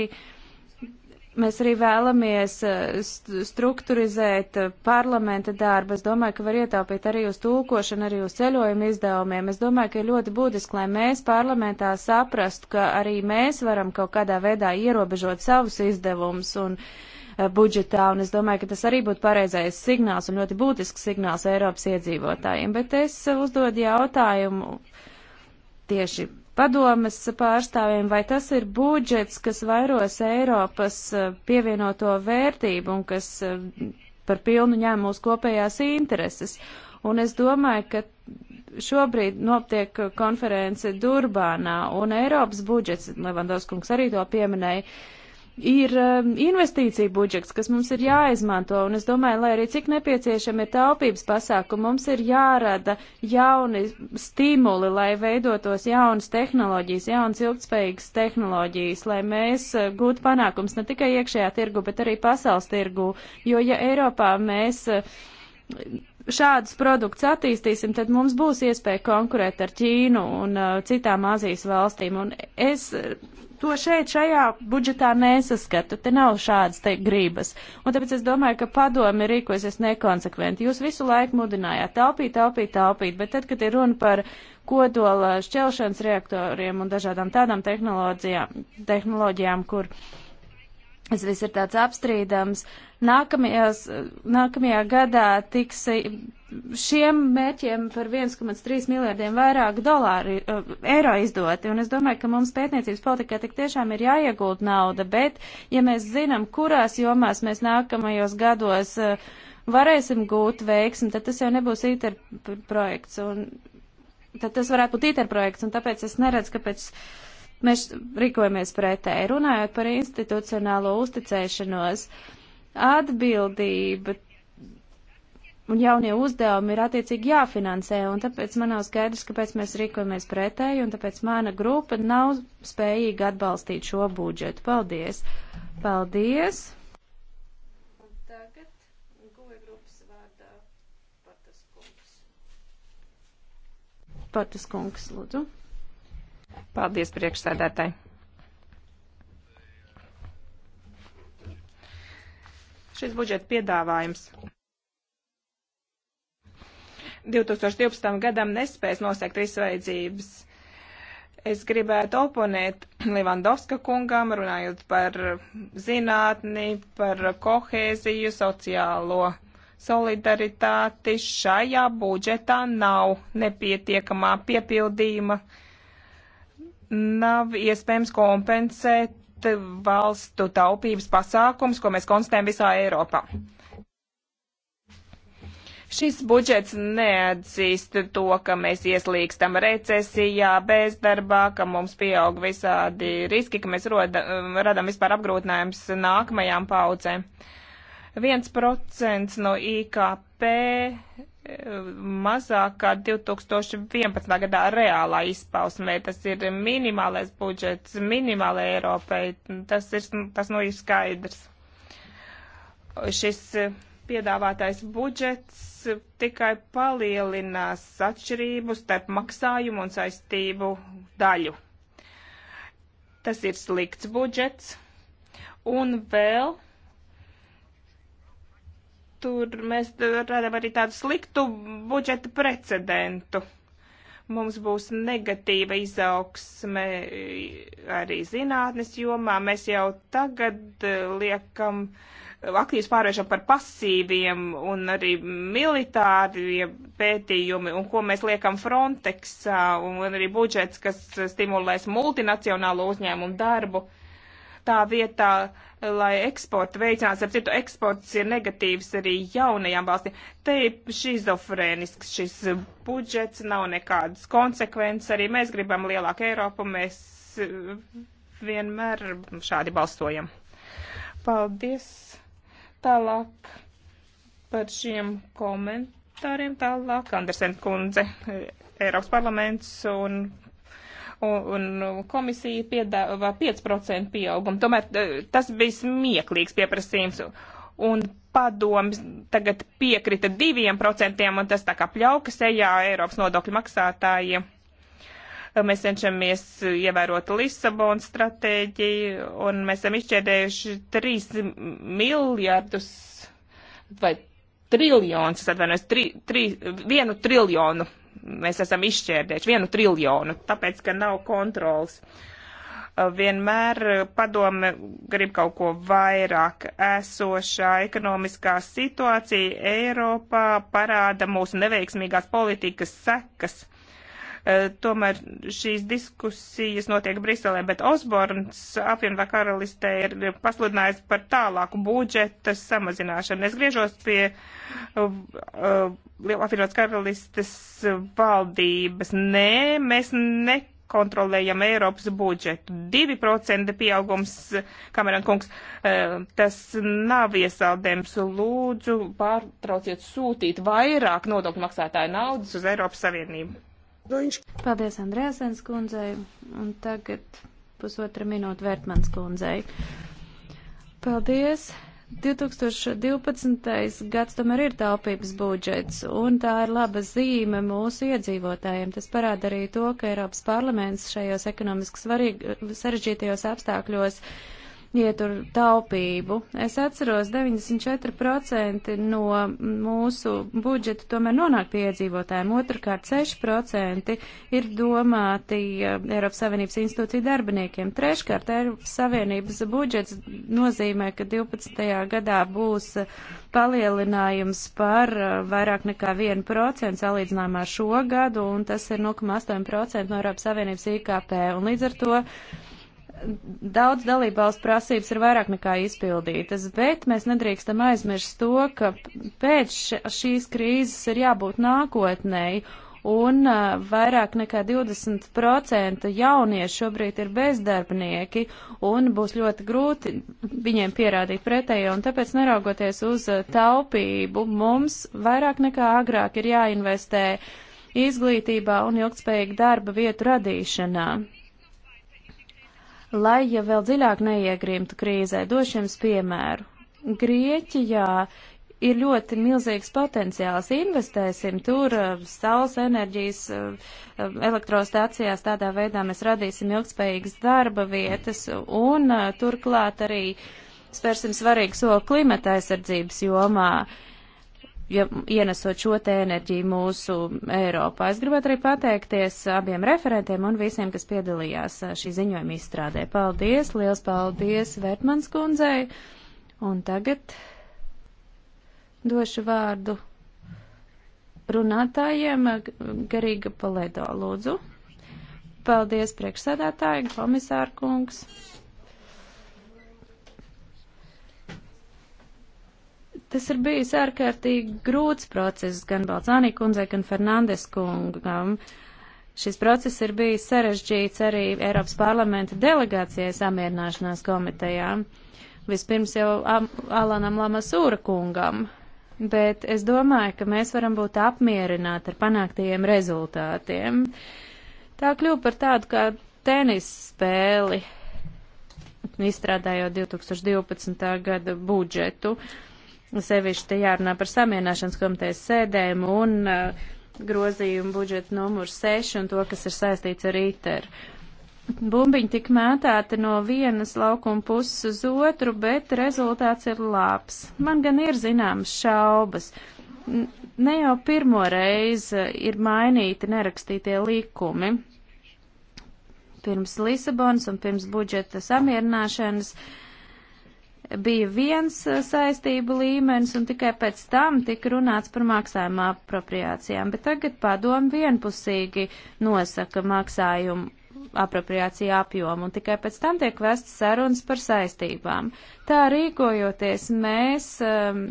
mēs arī vēlamies eh, strukturizēt parlamenta darbu. Es domāju, ka var ietaupīt arī uz tūkošanu, arī uz ceļojumu izdevumiem. Es domāju, ka ir ļoti būtiski, lai mēs parlamentā saprastu, ka arī mēs varam kaut kādā veidā ierobežot savus izdevumus un uh, Eh, budžetā, un es domāju, ka tas arī būtu pareizais signāls un ļoti būtisks signāls Eiropas iedzīvotājiem. Bet es uzdodu jautājumu tieši padomas pārstāvjiem, vai tas ir budžets, kas vairos Eiropas eh, pievienoto vērtību un kas eh, par pilnu ņem mūsu kopējās intereses. Un es domāju, ka šobrīd notiek konference Durbānā un Eiropas budžets, Levandovs kungs arī to pieminēja, uh, ir um, investīcija budžets, kas mums ir jāizmanto, un es domāju, lai arī cik nepieciešami ir taupības pasākumi, mums ir jārada jauni stimuli, lai veidotos jaunas tehnoloģijas, jaunas ilgspējīgas tehnoloģijas, lai mēs uh, gūtu panākums ne tikai iekšējā tirgu, bet arī pasaules tirgu, jo ja Eiropā mēs uh, šādus produktus attīstīsim, tad mums būs iespēja konkurēt ar Ķīnu un uh, citām Azijas valstīm. Un es uh, to šeit, šajā budžetā nesaskatu. Te nav šādas te gribas. Un tāpēc es domāju, ka padomi rīkosies nekonsekventi. Jūs visu laiku mudinājāt taupīt, taupīt, taupīt, bet tad, kad ir runa par kodola šķelšanas reaktoriem un dažādām tādām tehnoloģijām, tehnoloģijām kur. Uh, Tas viss ir tāds apstrīdams. Nākamajās, nākamajā gadā tiks šiem mērķiem par 1,3 miljardiem vairāk dolāri, uh, eiro izdoti. Un es domāju, ka mums pētniecības politikā tik tiešām ir jāiegūt nauda, bet ja mēs zinām, kurās jomās mēs nākamajos gados uh, varēsim gūt veiksmi, tad tas jau nebūs ITER projekts. Un, tad tas varētu būt ITER projekts, un tāpēc es neredzu, kāpēc. Pēc mēs rīkojamies pretēji. Runājot par institucionālo uzticēšanos, atbildība un jaunie uzdevumi ir attiecīgi jāfinansē, un tāpēc man nav skaidrs, kāpēc mēs rīkojamies pretēji, un tāpēc mana grupa nav spējīga atbalstīt šo budžetu. Paldies! Paldies! Tagad, vārdā, Patas kungs. Patas kungs, lūdzu. Paldies priekšsēdētāji. Šis budžeta piedāvājums 2012. gadam nespēs nosegt visas vajadzības. Es gribētu oponēt Livandovska kungam, runājot par zinātni, par kohēziju, sociālo solidaritāti. Šajā budžetā nav nepietiekamā piepildījuma nav iespējams kompensēt valstu taupības pasākums, ko mēs konstatējam visā Eiropā. Šis budžets neatzīst to, ka mēs ieslīgstam recesijā, bezdarbā, ka mums pieaug visādi riski, ka mēs roda, radam vispār apgrūtinājums nākamajām paudzēm. Viens procents no IKP IKP eh, mazāk kā 2011. gadā reālā izpausmē. Tas ir minimālais budžets, minimālai Eiropai. Tas ir, tas nu ir skaidrs. Šis eh, piedāvātais budžets tikai palielinās atšķirību starp maksājumu un saistību daļu. Tas ir slikts budžets. Un vēl tur mēs radām arī tādu sliktu budžeta precedentu. Mums būs negatīva izaugsme arī zinātnes jomā. Mēs jau tagad eh, liekam aktīvs pārvēršam par pasīviem un arī militārie pētījumi, un ko mēs liekam Frontexā, un arī budžets, kas stimulēs multinacionālo uzņēmumu darbu. Uh, tā vietā, lai eksportu veicinātu, ar citu eksports ir negatīvs arī jaunajām valstīm. Te ir šizofrēnisks šis budžets, nav nekādas konsekvences, arī mēs gribam lielāku Eiropu, mēs eh, vienmēr šādi balsojam. Paldies tālāk par šiem komentāriem. Tālāk Andersen kundze, Eiropas parlaments un un komisija piedāvā 5% pieaugumu. Tomēr eh, tas bija smieklīgs pieprasījums. Un padoms tagad piekrita 2%, un tas tā kā pļauka sejā Eiropas nodokļu maksātājiem. Mēs cenšamies ievērot Lisabonas stratēģiju, un mēs esam izšķērdējuši 3 miljardus vai triljonus, atvainojos, tri, tri, vienu triljonu mēs esam izšķērdējuši vienu triljonu, tāpēc, ka nav kontrols. Uh, vienmēr padome grib kaut ko vairāk. Esošā ekonomiskā situācija Eiropā parāda mūsu neveiksmīgās politikas sekas Eh, tomēr šīs diskusijas notiek Briselē, bet Osborns apvienotā karalistē ir pasludinājis par tālāku budžeta samazināšanu. Es griežos pie eh, eh, apvienotās karalistes valdības. Nē, mēs ne kontrolējam Eiropas budžetu. 2% pieaugums, Kameran kungs, tas nav iesaldējums. Lūdzu, pārtrauciet sūtīt vairāk nodokļu maksātāju naudas uz Eiropas Savienību. Paldies Andrēsens kundzei, un tagad pusotra minūte Vērtmans kundzei. Paldies! 2012. gads tomēr ir taupības budžets, un tā ir laba zīme mūsu iedzīvotājiem. Tas parāda arī to, ka Eiropas parlaments šajos ekonomiski svarīgi, sarežģītajos apstākļos uh, ietur taupību. Es atceros, 94% no mūsu budžeta tomēr nonāk pie iedzīvotājiem. Otrakārt, 6% ir domāti eh, Eiropas Savienības institūciju darbiniekiem. Treškārt, Eiropas Savienības budžets nozīmē, ka 12. gadā būs palielinājums par eh, vairāk nekā 1% salīdzinājumā ar šo gadu, un tas ir 0,8% no Eiropas Savienības IKP. Un līdz ar to daudz dalībvalstu prasības ir vairāk nekā izpildītas, bet mēs nedrīkstam aizmirst to, ka pēc šīs krīzes ir jābūt nākotnēji. Un uh, vairāk nekā 20% jaunieši šobrīd ir bezdarbnieki un būs ļoti grūti viņiem pierādīt pretējo. Un tāpēc, neraugoties uz taupību, mums vairāk nekā agrāk ir jāinvestē izglītībā un ilgspējīga darba vietu radīšanā lai ja vēl dziļāk neiegrimtu krīzē. Došu jums piemēru. Grieķijā ir ļoti milzīgs potenciāls. Investēsim tur eh, saules enerģijas eh, elektrostacijās, tādā veidā mēs radīsim ilgspējīgas darba vietas un eh, turklāt arī spērsim svarīgu soli klimata aizsardzības jomā. Uh, ja ienesot šo te enerģiju mūsu Eiropā. Es gribētu arī pateikties abiem referentiem un visiem, kas piedalījās eh, šī ziņojuma izstrādē. Paldies, liels paldies Vērtmans kundzei. Un tagad došu vārdu runātājiem Garīga Paledo, lūdzu. Paldies, priekšsēdētāji, komisārkungs. kungs. Tas ir bijis ārkārtīgi grūts process gan Balcānī kundzei, gan Fernandes kungam. Šis process ir bijis sarežģīts arī Eiropas parlamenta delegācijai samierināšanās komitejā. Vispirms jau Alanam Lamasūra kungam, bet es domāju, ka mēs varam būt apmierināti ar panāktajiem rezultātiem. Tā kļūpa par tādu kā tenis spēli, izstrādājot 2012. gada budžetu. Uh, Sevišķi te jārunā par samienāšanas komitejas sēdēm un uh, grozījumu budžeta numuru 6 un to, kas ir saistīts ar ITER. Bumbiņi tik mētāti no vienas laukuma puses uz otru, bet rezultāts ir labs. Man gan ir zināmas šaubas. Ne jau pirmo reizi ir mainīti nerakstītie likumi. Pirms Lisabonas un pirms budžeta samierināšanas uh, bija viens eh, saistību līmenis, un tikai pēc tam tika runāts par maksājuma apropriācijām. Bet tagad padomu vienpusīgi nosaka maksājumu apropriāciju apjomu, un tikai pēc tam tiek vestas sarunas par saistībām. Tā rīkojoties, mēs um,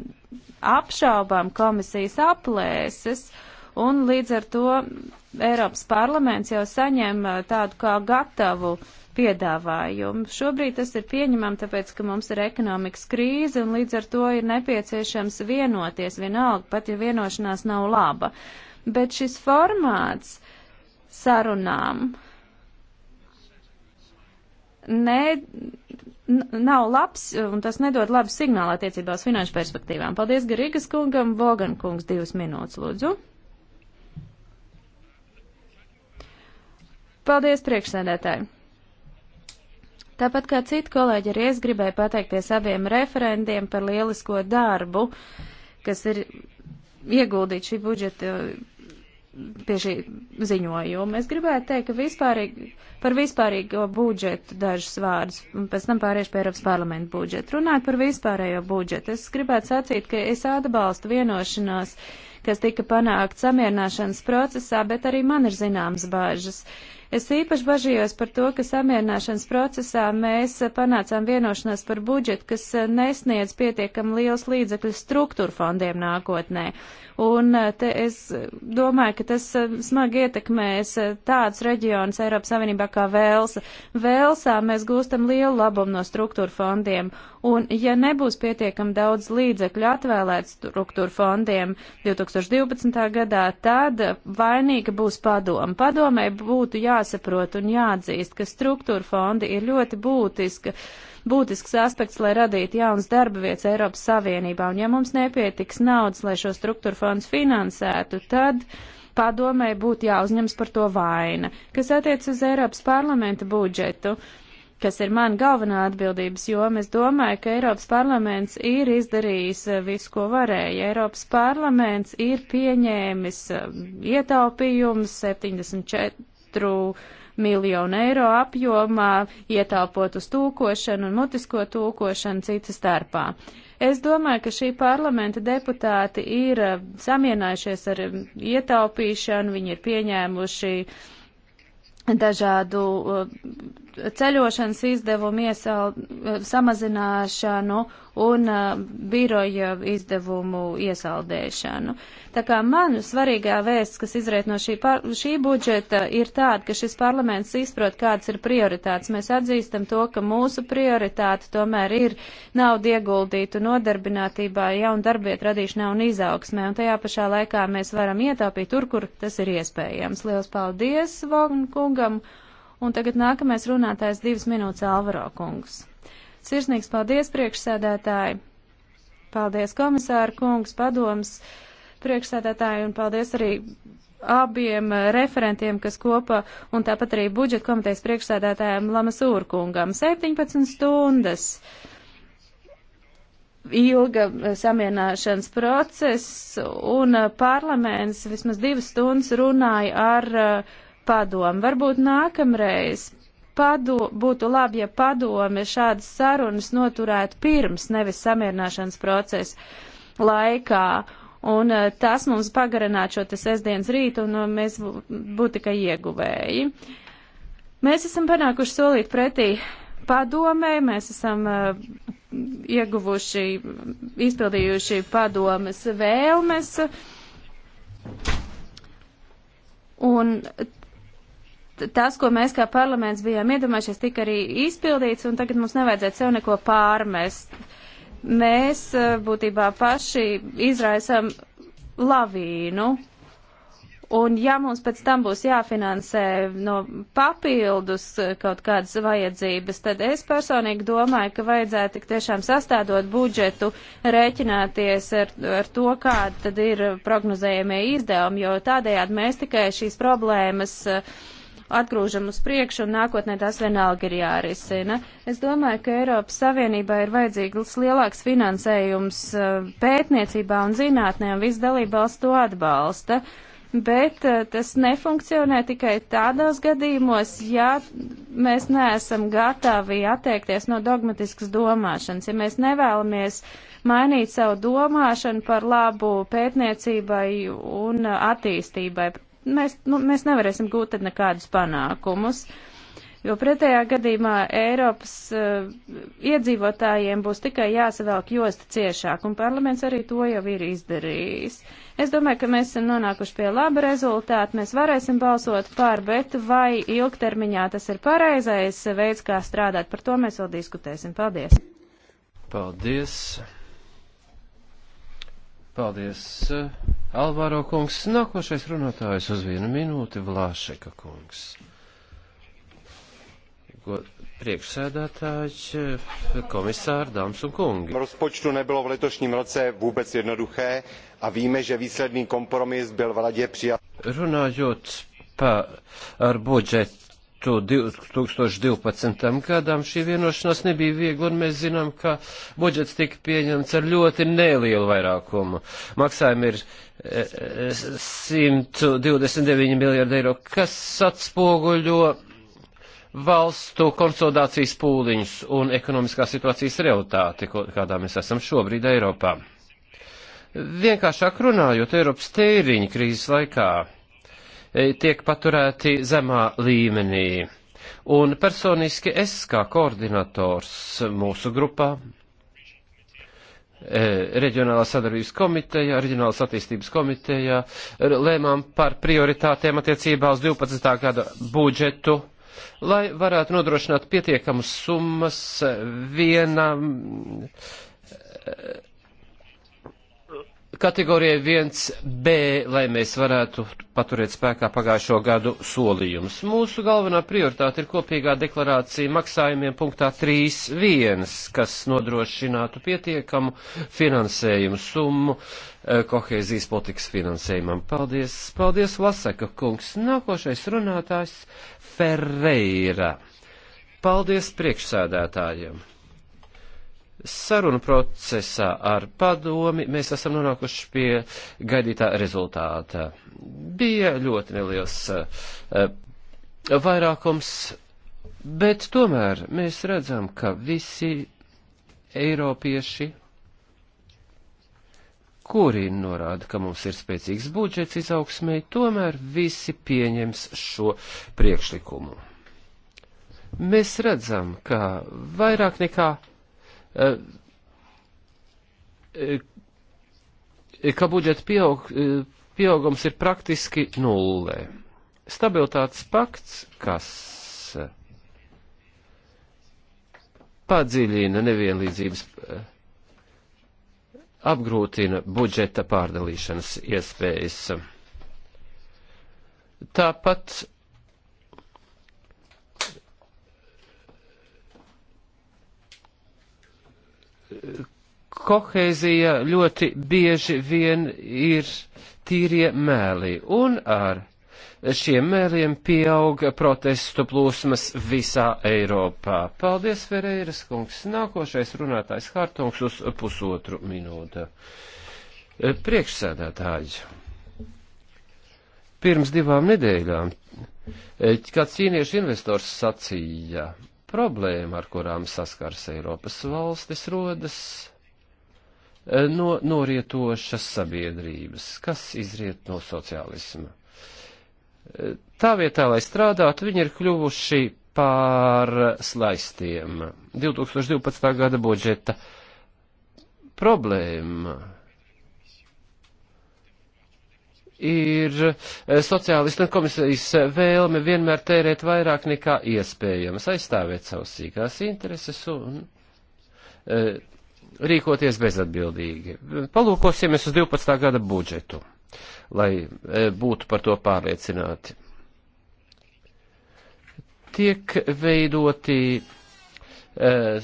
apšaubām komisijas aplēses, un līdz ar to Eiropas parlaments jau saņem eh, tādu kā gatavu uh, piedāvājumu. Šobrīd tas ir pieņemam, tāpēc, ka mums ir ekonomikas krīze un līdz ar to ir nepieciešams vienoties vienalga, pat ja vienošanās nav laba. Bet šis formāts sarunām ne, nav labs, un tas nedod labu signālu attiecībā uz finanšu perspektīvām. Paldies Garīgas kungam, Vogan kungs, divas minūtes, lūdzu. Paldies priekšsēdētāji. Tāpat kā citi kolēģi arī es gribēju pateikties abiem referentiem par lielisko darbu, kas ir ieguldīts šī budžeta uh, pie šī ziņojuma. Es gribētu teikt, ka vispārīgi, par vispārīgo budžetu dažus vārdus, un pēc tam pāriešu pie Eiropas parlamenta budžeta. Runāt par vispārējo budžetu. Es gribētu sacīt, ka es atbalstu vienošanos, kas tika panākt samierināšanas procesā, bet arī man ir zināmas bāžas. Uh, Es īpaši bažījos par to, ka samierināšanas procesā mēs panācām vienošanās par budžetu, kas nesniedz pietiekam liels līdzekļus struktūra fondiem nākotnē. Un eh, te es domāju, ka tas eh, smagi ietekmēs eh, tādus reģionus Eiropas Savienībā kā Velsa. Velsā mēs gūstam lielu labumu no struktūra fondiem. Un ja nebūs pietiekam daudz līdzekļu atvēlēt struktūra fondiem 2012. gadā, tad vainīga būs padoma. Padomē būtu jā jāsaprot un jāatzīst, ka struktūra fondi ir ļoti būtiska, būtisks aspekts, lai radītu jaunas darba vietas Eiropas Savienībā. Un ja mums nepietiks naudas, lai šo struktūra fondus finansētu, tad padomē būtu jāuzņems par to vaina. Kas attiec uz Eiropas parlamenta budžetu, kas ir man galvenā atbildības joma. Es domāju, ka Eiropas parlaments ir izdarījis eh, visu, ko varēja. Eiropas parlaments ir pieņēmis eh, ietaupījumus 74, miljonu eiro apjomā, ietāpot uz tūkošanu un mutisko tūkošanu citas starpā. Es domāju, ka šī parlamenta deputāti ir eh, samienājušies ar eh, ietaupīšanu, viņi ir pieņēmuši dažādu eh, ceļošanas izdevumu iesal, samazināšanu un uh, biroja izdevumu iesaldēšanu. Tā kā man svarīgā vēsts, kas izriet no šī, par, šī budžeta, ir tāda, ka šis parlaments izprot, kādas ir prioritātes. Mēs atzīstam to, ka mūsu prioritāte tomēr ir naudu ieguldītu nodarbinātībā, jaunu darbietu radīšanā un izaugsmē, un tajā pašā laikā mēs varam ietaupīt tur, kur tas ir iespējams. Lielas paldies Vogn kungam! Un tagad nākamais runātājs divas minūtes Alvaro kungs. Sirsnīgs paldies priekšsēdētāji, paldies komisāra kungs, padoms priekšsēdētāji un paldies arī abiem referentiem, kas kopā, un tāpat arī budžeta komitejas priekšsēdētājiem Lamasūra kungam. 17 stundas ilga samierināšanas process, un uh, parlaments vismaz divas stundas runāja ar uh, padomu. Varbūt nākamreiz padu, būtu labi, ja padome šādas sarunas noturētu pirms nevis samierināšanas procesa laikā. Un eh, tas mums pagarinātu šo te sestdienas rītu, un eh, mēs būtu tikai ieguvēji. Mēs esam panākuši solīt pretī padomē, mēs esam eh, ieguvuši, izpildījuši padomes vēlmes. Un tas, ko mēs kā parlaments bijām iedomājušies, tika arī izpildīts, un tagad mums nevajadzētu sev neko pārmest. Mēs eh, būtībā paši izraisam lavīnu, Un ja mums pēc tam būs jāfinansē no papildus eh, kaut kādas vajadzības, tad es personīgi domāju, ka vajadzētu tik tiešām sastādot budžetu, rēķināties ar, ar to, kāda tad ir prognozējumie izdevumi, jo tādējādi mēs tikai šīs problēmas uh, atgrūžam uz priekšu un nākotnē tās vienalga ir jārisina. Es domāju, ka Eiropas Savienībā ir vajadzīgs lielāks finansējums eh, pētniecībā un zinātnē, un viss dalībvalsts to atbalsta. Bet eh, tas nefunkcionē tikai tādos gadījumos, ja mēs neesam gatavi atteikties no dogmatiskas domāšanas, ja mēs nevēlamies mainīt savu domāšanu par labu pētniecībai un attīstībai, mēs, nu, mēs nevarēsim gūt tad nekādus panākumus. Jo pretējā gadījumā Eiropas uh, iedzīvotājiem būs tikai jāsavelk josta ciešāk, un parlaments arī to jau ir izdarījis. Es domāju, ka mēs esam nonākuši pie laba rezultāta, mēs varēsim balsot par, bet vai ilgtermiņā tas ir pareizais veids, kā strādāt, par to mēs vēl diskutēsim. Paldies! Paldies! Paldies! Eh, Alvaro kungs, nākošais runātājs uz vienu minūti, Vlašeka kungs. Ko priekšsēdētājs, komisār, dāmas un kungi. Rozpočtu nebylo v letošním roce vůbec jednoduché a víme, že výsledný kompromis byl v radě přijat. Runājot pa, ar budžetu 2012. gadam šī vienošanās nebija viegla, un mēs zinām, ka budžets tika pieņemts ar ļoti nelielu vairākumu. Maksājumi ir 129 miljardi eiro, kas atspoguļo valstu konsolidācijas pūliņus un ekonomiskās situācijas realitāti, kādā mēs esam šobrīd Eiropā. Vienkāršāk runājot, Eiropas tēriņi krīzes laikā e, tiek paturēti zemā līmenī. Un personiski es kā koordinators mūsu grupā E, reģionālās sadarbības komitejā, reģionālās attīstības komitejā, lēmām par prioritātēm attiecībā uz 12. gada budžetu, lai varētu nodrošināt pietiekamas summas vienam kategorijai 1B, lai mēs varētu paturēt spēkā pagājušo gadu solījumus. Mūsu galvenā prioritāte ir kopīgā deklarācija maksājumiem punktā 3.1, kas nodrošinātu pietiekamu finansējumu summu eh, kohēzijas politikas finansējumam. Paldies, paldies Lasaka kungs. Nākošais runātājs Ferreira. Paldies priekšsēdētājiem sarunu procesā ar padomi mēs esam nonākuši pie gaidītā rezultāta. Bija ļoti neliels eh, vairākums, bet tomēr mēs redzam, ka visi eiropieši, kuri norāda, ka mums ir spēcīgs budžets izaugsmē, tomēr visi pieņems šo priekšlikumu. Mēs redzam, ka vairāk nekā Eh, eh, ka budžeta pieaug, eh, pieaugums ir praktiski nullē. Stabilitātes pakts, kas padziļina nevienlīdzības, apgrūtina budžeta pārdalīšanas iespējas. Tāpat kohēzija ļoti bieži vien ir tīrie mēli, un ar šiem mēriem pieauga protestu plūsmas visā Eiropā. Paldies, Ferreiras kungs. Nākošais runātājs Hartungs uz pusotru minūtu. Priekšsēdētāji. Pirms divām nedēļām eh, kāds ķīniešu investors sacīja, Problēma, ar kurām saskars Eiropas valstis, rodas e, no norietošas sabiedrības, kas izriet no sociālisma. E, tā vietā, lai strādātu, viņi ir kļuvuši par slaistiem. 2012. gada budžeta problēma ir eh, sociālistu un komisijas vēlme vienmēr tērēt vairāk nekā iespējams, aizstāvēt savas sīkās intereses un e, rīkoties bezatbildīgi. Palūkosimies uz 12. gada budžetu, lai e, būtu par to pārliecināti. Tiek veidoti Eh,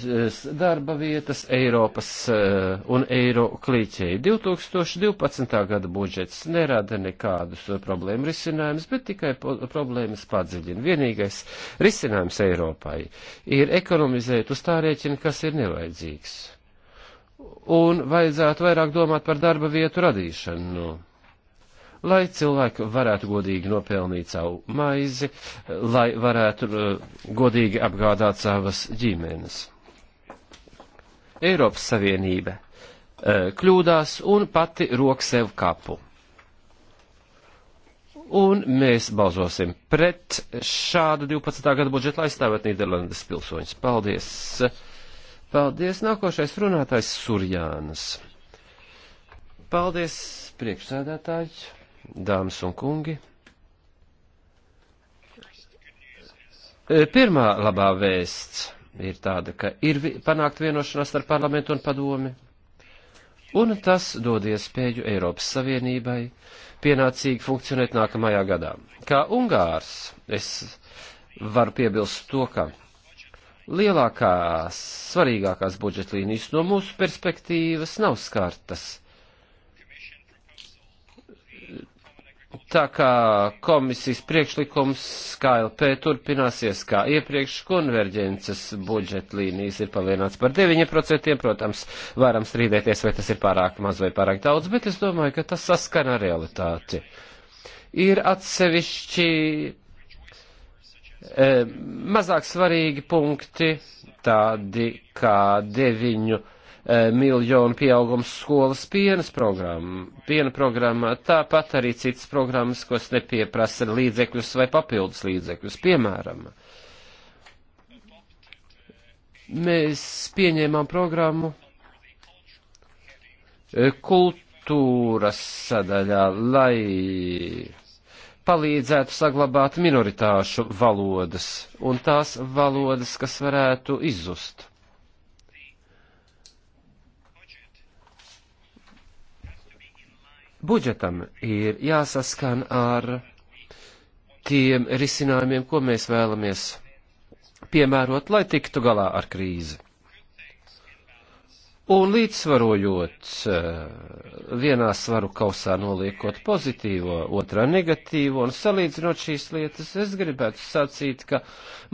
darba vietas Eiropas eh, un eiro klīķei. 2012. gada budžets nerada nekādus eh, problēmu risinājumus, bet tikai problēmas padziļina. Vienīgais risinājums Eiropai ir ekonomizēt uz tā rēķina, kas ir nevajadzīgs. Un vajadzētu vairāk domāt par darba vietu radīšanu lai cilvēki varētu godīgi nopelnīt savu maizi, lai varētu uh, godīgi apgādāt savas ģimenes. Eiropas Savienība uh, kļūdās un pati rok sev kapu un mēs balsosim pret šādu 12. gada budžetu, lai stāvētu Nīderlandes pilsoņus. Paldies! Paldies! Nākošais runātājs Surjānas. Paldies, priekšsēdētāji! dāmas un kungi. E, pirmā labā vēsts ir tāda, ka ir panākt vienošanās ar parlamentu un padomi, un tas dod iespēju Eiropas Savienībai pienācīgi funkcionēt nākamajā gadā. Kā Ungārs es varu piebilst to, ka lielākās, svarīgākās budžetlīnijas no mūsu perspektīvas nav skartas Tā kā komisijas priekšlikums KLP turpināsies kā iepriekš, konverģences budžeta līnijas ir palielināts par 9%, protams, varam strīdēties, vai tas ir pārāk maz vai pārāk daudz, bet es domāju, ka tas saskana ar realitāti. Ir atsevišķi eh, mazāk svarīgi punkti, tādi kā 9% Eh, miljonu pieaugums skolas pienas programma, piena programmā, tāpat arī citas programmas, kas nepieprasa līdzekļus vai papildus līdzekļus, piemēram. Mēs pieņēmām programmu eh, kultūras sadaļā, lai palīdzētu saglabāt minoritāšu valodas un tās valodas, kas varētu izzust. budžetam ir jāsaskan ar tiem risinājumiem, ko mēs vēlamies piemērot, lai tiktu galā ar krīzi un līdzsvarojot eh, vienā svaru kausā noliekot pozitīvo, otrā negatīvo un salīdzinot šīs lietas, es gribētu sacīt, ka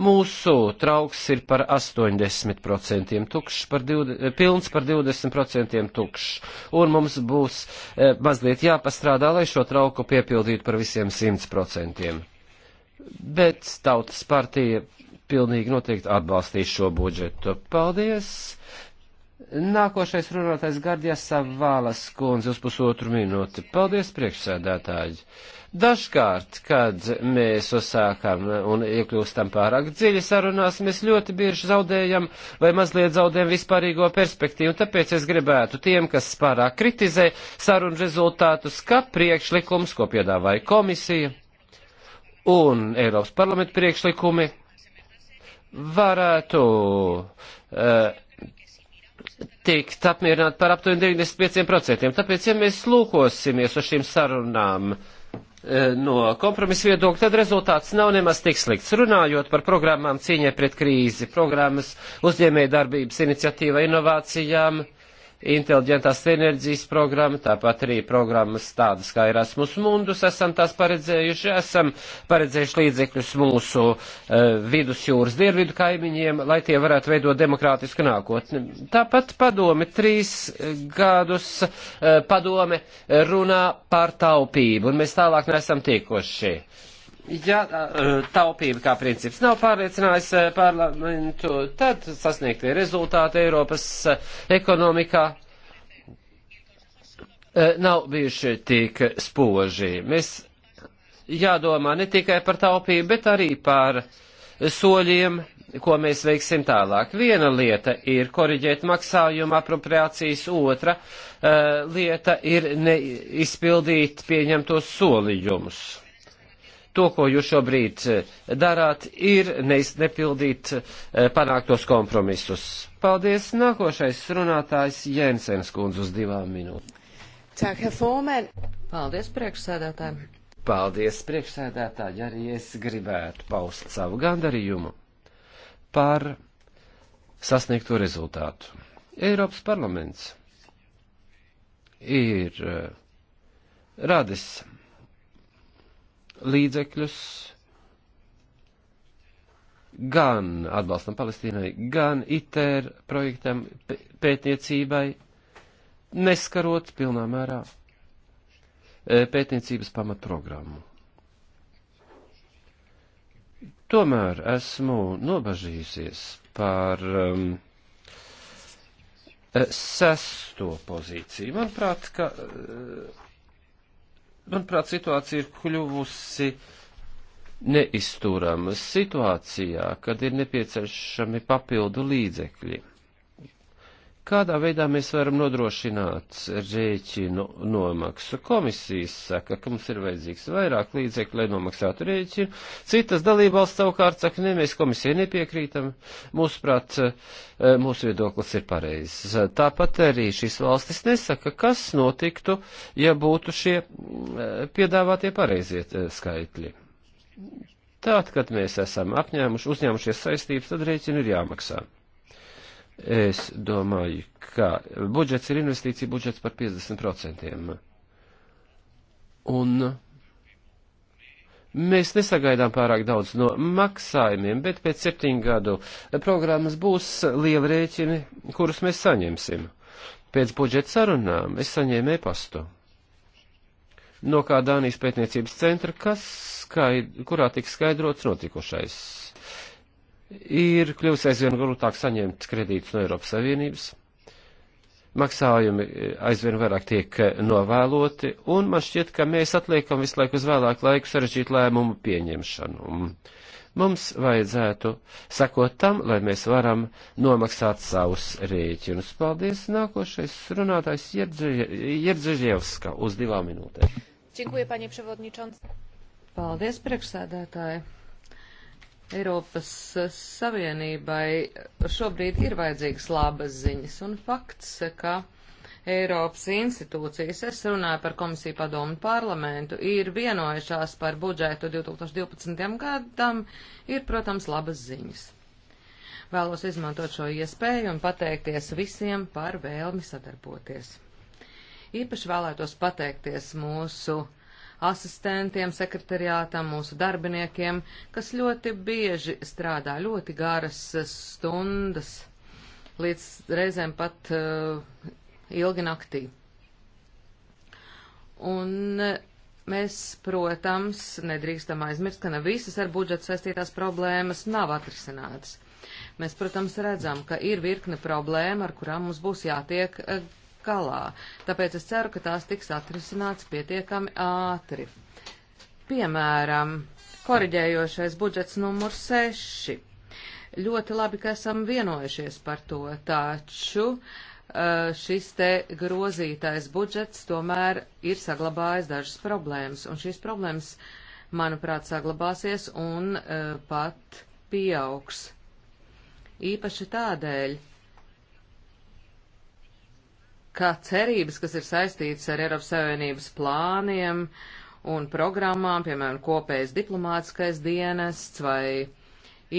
mūsu trauks ir par 80% tukšs, par 20, eh, pilns par 20% tukšs, un mums būs eh, mazliet jāpastrādā, lai šo trauku piepildītu par visiem 100%. Bet tautas partija pilnīgi noteikti atbalstīs šo budžetu. Paldies! Nākošais runātais Gardjas Savālas kundze uz pusotru minūti. Paldies, priekšsēdētāji! Dažkārt, kad mēs uzsākam un iekļūstam pārāk dziļi sarunās, mēs ļoti bieži zaudējam vai mazliet zaudējam vispārīgo perspektīvu. Tāpēc es gribētu tiem, kas pārāk kritizē sarunu rezultātus, ka priekšlikums, ko piedāvāja komisija un Eiropas parlamenta priekšlikumi, varētu uh, tikt apmierināti par aptuveni 95%. Tāpēc, ja mēs lūkosimies uz šīm sarunām eh, no kompromisa viedokļa, tad rezultāts nav nemaz tik slikts. Runājot par programmām cīņai pret krīzi, programmas uzņēmēja darbības iniciatīva inovācijām, uh, inteliģentās enerģijas programma, tāpat arī programmas tādas kā Erasmus Mundus esam tās paredzējuši, esam paredzējuši līdzekļus mūsu uh, vidusjūras dienvidu kaimiņiem, lai tie varētu veidot demokrātisku nākotni. Tāpat padome trīs gadus uh, padome eh, runā par taupību, un mēs tālāk nesam tiekoši. Ja taupība kā princips nav pārliecinājis parlamentu, tad sasniegtie rezultāti Eiropas ekonomikā nav bijuši tik spoži. Mēs jādomā ne tikai par taupību, bet arī par soļiem, ko mēs veiksim tālāk. Viena lieta ir koriģēt maksājumu apropriācijas, otra uh, lieta ir neizpildīt pieņemtos solījumus to, ko jūs šobrīd eh, darāt, ir neiz, nepildīt eh, panāktos kompromisus. Paldies. Nākošais runātājs Jensens kundze uz divām minūtēm. Tak, Herr Forman. Paldies, priekšsēdētāji. Paldies, priekšsēdētāji, arī es gribētu paust savu gandarījumu par sasniegto rezultātu. Eiropas parlaments ir eh, radis līdzekļus gan atbalstam Palestīnai, gan ITER projektam pētniecībai, neskarot pilnā mērā e, pētniecības pamatprogrammu. Tomēr esmu nobažījusies par um, e, sesto pozīciju. Manuprāt, ka uh, Manuprāt, situācija ir kļuvusi neizturama situācijā, kad ir nepieciešami papildu līdzekļi. Kādā veidā mēs varam nodrošināt rēķinu nomaksu? Komisijas saka, ka mums ir vajadzīgs vairāk līdzekļu, lai nomaksātu rēķinu. Citas dalībvalsts savukārt saka, ne, mēs komisijai nepiekrītam. Mūsuprāt, eh, mūsu viedoklis ir pareizs. Tāpat arī šīs valstis nesaka, kas notiktu, ja būtu šie eh, piedāvātie pareizie eh, skaitļi. Tātad, kad mēs esam apņēmuši, uzņēmušies saistības, tad rēķini ir jāmaksā. Es domāju, ka budžets ir investīcija budžets par 50%. Un mēs nesagaidām pārāk daudz no maksājumiem, bet pēc septiņu gadu programmas būs liela rēķini, kurus mēs saņemsim. Pēc budžeta sarunām es saņēmu e-pastu no kā Dānijas pētniecības centra, kas skaid, kurā tika skaidrots notikušais ir kļuvis aizvien grūtāk saņemt kredītus no Eiropas Savienības. Maksājumi eh, aizvien vairāk tiek eh, novēloti, un man šķiet, ka mēs atliekam visu laiku uz vēlāku laiku sarežģīt lēmumu pieņemšanu. Mums vajadzētu sakot tam, lai mēs varam nomaksāt savus rēķinus. Paldies, nākošais runātājs Jerdzeļievska uz divām minūtēm. Paldies, priekšsēdētāji. Eiropas eh, Savienībai šobrīd ir vajadzīgas labas ziņas, un fakts, eh, ka Eiropas institūcijas, es runāju par komisiju padomu parlamentu, ir vienojušās par budžetu 2012. gadam, ir, protams, labas ziņas. Vēlos izmantot šo iespēju un pateikties visiem par vēlmi sadarboties. Īpaši vēlētos pateikties mūsu uh, asistentiem, sekretariātam, mūsu darbiniekiem, kas ļoti bieži strādā ļoti garas eh, stundas, līdz reizēm pat uh, ilgi naktī. Un eh, mēs, protams, nedrīkstam aizmirst, ka ne visas ar budžetu saistītās problēmas nav atrisinātas. Mēs, protams, redzam, ka ir virkne problēma, ar kurām mums būs jātiek galā, tāpēc es ceru, ka tās tiks atrisināts pietiekami ātri. Piemēram, koriģējošais budžets numur 6. Ļoti labi, ka esam vienojušies par to, taču eh, šis te grozītais budžets tomēr ir saglabājis dažas problēmas, un šīs problēmas, manuprāt, saglabāsies un eh, pat pieaugs. Īpaši tādēļ, ka cerības, kas ir saistītas ar Eiropas Savienības plāniem un programmām, piemēram, kopējs diplomātskais dienests vai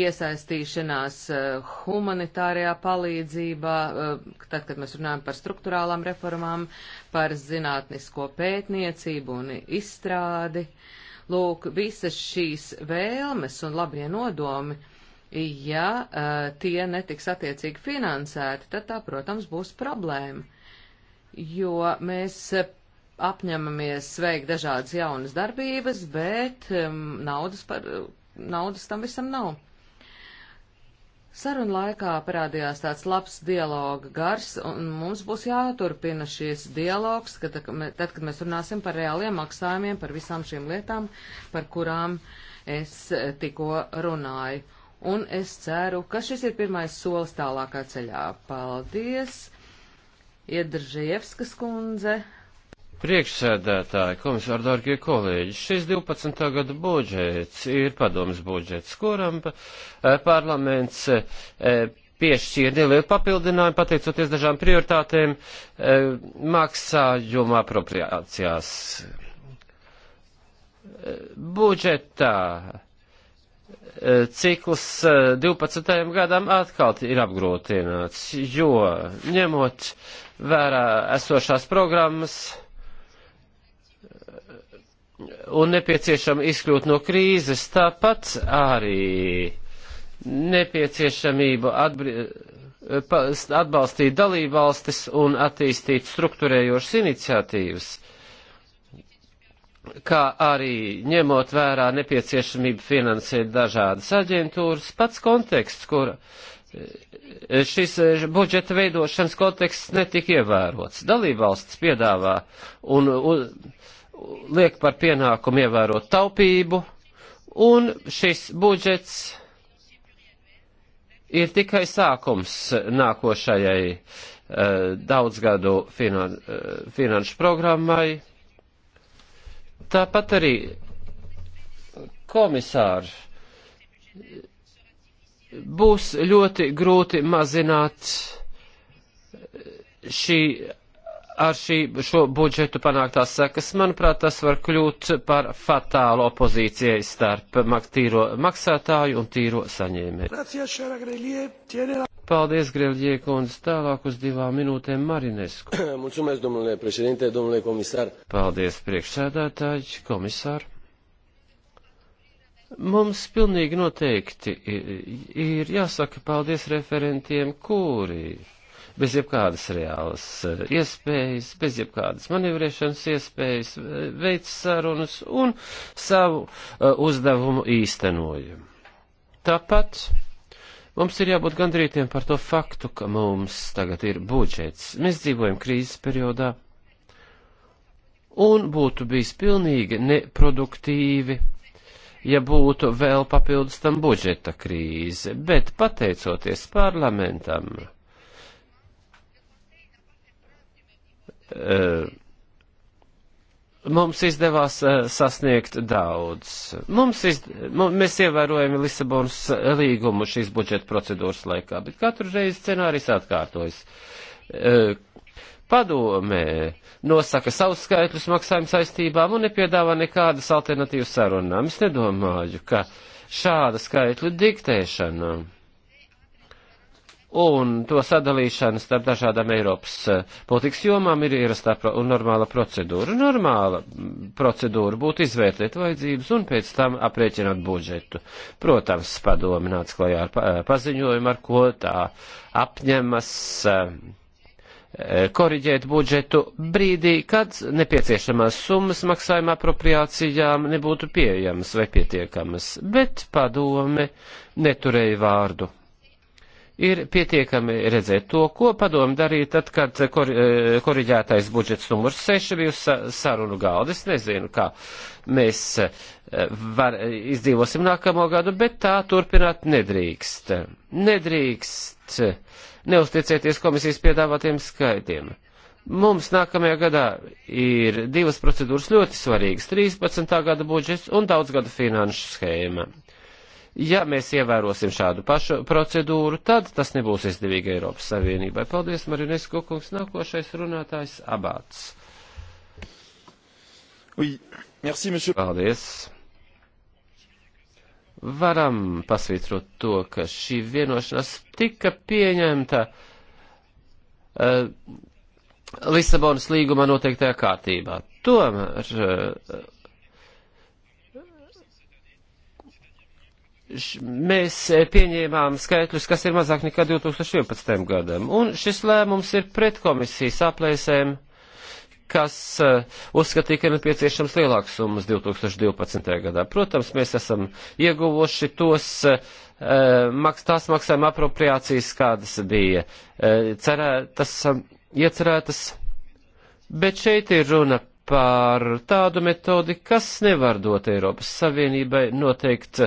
iesaistīšanās eh, humanitārajā palīdzībā, eh, tad, kad mēs runājam par struktūrālām reformām, par zinātnisko pētniecību un izstrādi. Lūk, visas šīs vēlmes un labie nodomi, ja eh, tie netiks attiecīgi finansēti, tad tā, protams, būs problēma jo mēs apņemamies veikt dažādas jaunas darbības, bet um, naudas, par, naudas tam visam nav. Saruna laikā parādījās tāds labs dialoga gars, un mums būs jāturpina šis dialogs, kad, tad, kad mēs runāsim par reāliem maksājumiem, par visām šīm lietām, par kurām es tikko runāju. Un es ceru, ka šis ir pirmais solis tālākā ceļā. Paldies! Iedržajevskas kundze. Priekšsēdētāji, komisāri, dārgie kolēģi, šis 12. gada budžets ir padomas budžets, kuram eh, parlaments eh, piešķīra nelielu papildinājumu, pateicoties dažām prioritātēm eh, maksājuma apropriācijās. Budžetā cikls 12. gadam atkal ir apgrūtināts, jo ņemot vērā esošās programmas un nepieciešama izkļūt no krīzes, tāpat arī nepieciešamība atbri atbalstīt dalībvalstis un attīstīt struktūrējošas iniciatīvas, kā arī ņemot vērā nepieciešamību finansēt dažādas aģentūras, pats konteksts, kur Eh, eh, šis eh, budžeta veidošanas konteksts netika ievērots. Dalībvalsts piedāvā un, un liek par pienākumu ievērot taupību, un šis budžets ir tikai sākums nākošajai uh, daudzgadu finan, uh, finanšu programmai. Tāpat arī komisāri būs ļoti grūti mazināt šī, ar šī, šo budžetu panāktās sekas. Manuprāt, tas var kļūt par fatālu opozīcijai starp tīro maksātāju un tīro saņēmēju. Paldies, Grēļie kundze. Tālāk uz divām minūtēm Marinesku. Mulțumesc, domnule președinte, domnule comisar. Paldies, priekšsēdētāji, komisāri. Mums pilnīgi noteikti ir jāsaka paldies referentiem, kuri bez jebkādas reālas e, iespējas, bez jebkādas manevrēšanas iespējas e, veic sarunas un savu e, uzdevumu īstenoja. Tāpat mums ir jābūt gandrītiem par to faktu, ka mums tagad ir budžets. Mēs dzīvojam krīzes periodā un būtu bijis pilnīgi neproduktīvi ja būtu vēl papildus tam budžeta krīze, bet pateicoties parlamentam, eh, mums izdevās eh, sasniegt daudz. Mums izd... Mēs ievērojam Lisabonas līgumu šīs budžeta procedūras laikā, bet katru reizi scenārijs atkārtojas. Eh, Padomē nosaka savus skaitļus maksājumu saistībām un nepiedāvā nekādas alternatīvas sarunām. Es nedomāju, ka šāda skaitļu diktēšana un to sadalīšana starp dažādām Eiropas eh, politikas jomām ir ierastā un normāla procedūra. Normāla mm, procedūra būtu izvērtēt vajadzības un pēc tam aprēķināt budžetu. Protams, padomi nāca klajā ar eh, paziņojumu, ar ko tā apņemas. Uh, Eh, koriģēt budžetu brīdī, kad nepieciešamās summas maksājuma apropriācijām nebūtu pieejamas vai pietiekamas, bet padome neturēja vārdu. Ir pietiekami redzēt to, ko padome darīja tad, kad eh, kor, eh, koriģētais budžets numurs 6 bija uz sarunu galda. Es nezinu, kā mēs var, izdzīvosim nākamo gadu, bet tā turpināt nedrīkst. Nedrīkst. Uh, neusticēties komisijas piedāvātiem skaitiem. Mums nākamajā gadā ir divas procedūras ļoti svarīgas - 13. gada budžets un daudzgada finanšu schēma. Ja mēs ievērosim šādu pašu procedūru, tad tas nebūs izdevīgi Eiropas Savienībai. Paldies, Marines Kukungs, nākošais runātājs Abāts. Oui. Merci, monsieur. Paldies varam pasvītrot to, ka šī vienošanās tika pieņemta uh, Lisabonas līgumā noteiktajā kārtībā. Tomēr uh, mēs pieņēmām skaitļus, kas ir mazāk nekā 2011. gadam, un šis lēmums ir pret komisijas aplēsēm kas eh, uzskatīja, ka ir nepieciešams lielāks summas 2012. gadā. Protams, mēs esam ieguvuši tos, eh, tās maksājuma apropriācijas, kādas bija eh, cerētas, iecerētas, bet šeit ir runa par tādu metodi, kas nevar dot Eiropas Savienībai noteikt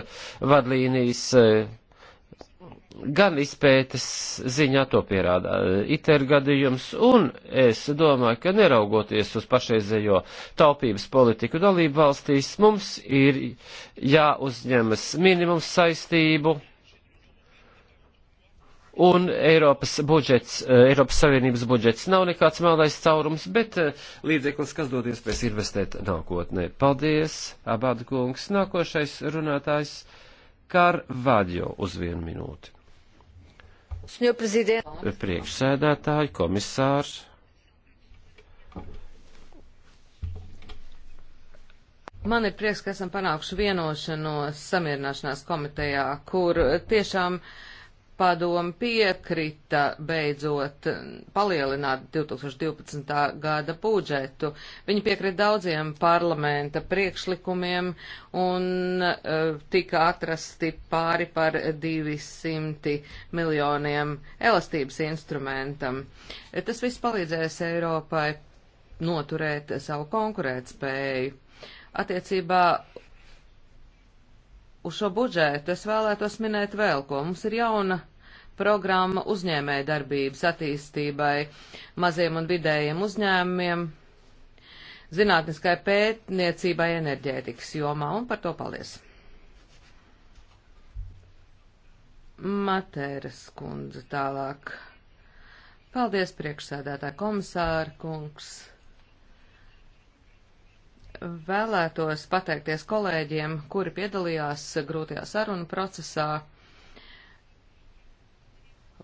vadlīnijas gan izpētes ziņā to pierāda eh, ITER gadījums, un es domāju, ka neraugoties uz pašreizējo taupības politiku dalību valstīs, mums ir jāuzņemas minimums saistību, un Eiropas budžets, eh, Eiropas Savienības budžets nav nekāds melnais caurums, bet eh, līdzeklis, kas dod iespējas investēt nākotnē. Paldies, Abāda kungs, nākošais runātājs. Karvadio uz vienu minūti. Priekšsēdētāji, komisārs. Man ir prieks, ka esam panākuši vienošanos samierināšanās komitejā, kur tiešām uh, Padomu piekrita beidzot palielināt 2012. gada budžetu. Viņi piekrita daudziem parlamenta priekšlikumiem un uh, tika atrasti pāri par 200 miljoniem elastības instrumentam. Tas viss palīdzēs Eiropai noturēt savu konkurētspēju attiecībā uz šo budžetu es vēlētos minēt vēl ko. Mums ir jauna programma uzņēmēja darbības attīstībai maziem un vidējiem uzņēmumiem, zinātniskai pētniecībai enerģētikas jomā, un par to paldies. Matēras kundze tālāk. Paldies, priekšsēdētā komisāra kungs vēlētos pateikties kolēģiem, kuri piedalījās grūtajā sarunu procesā,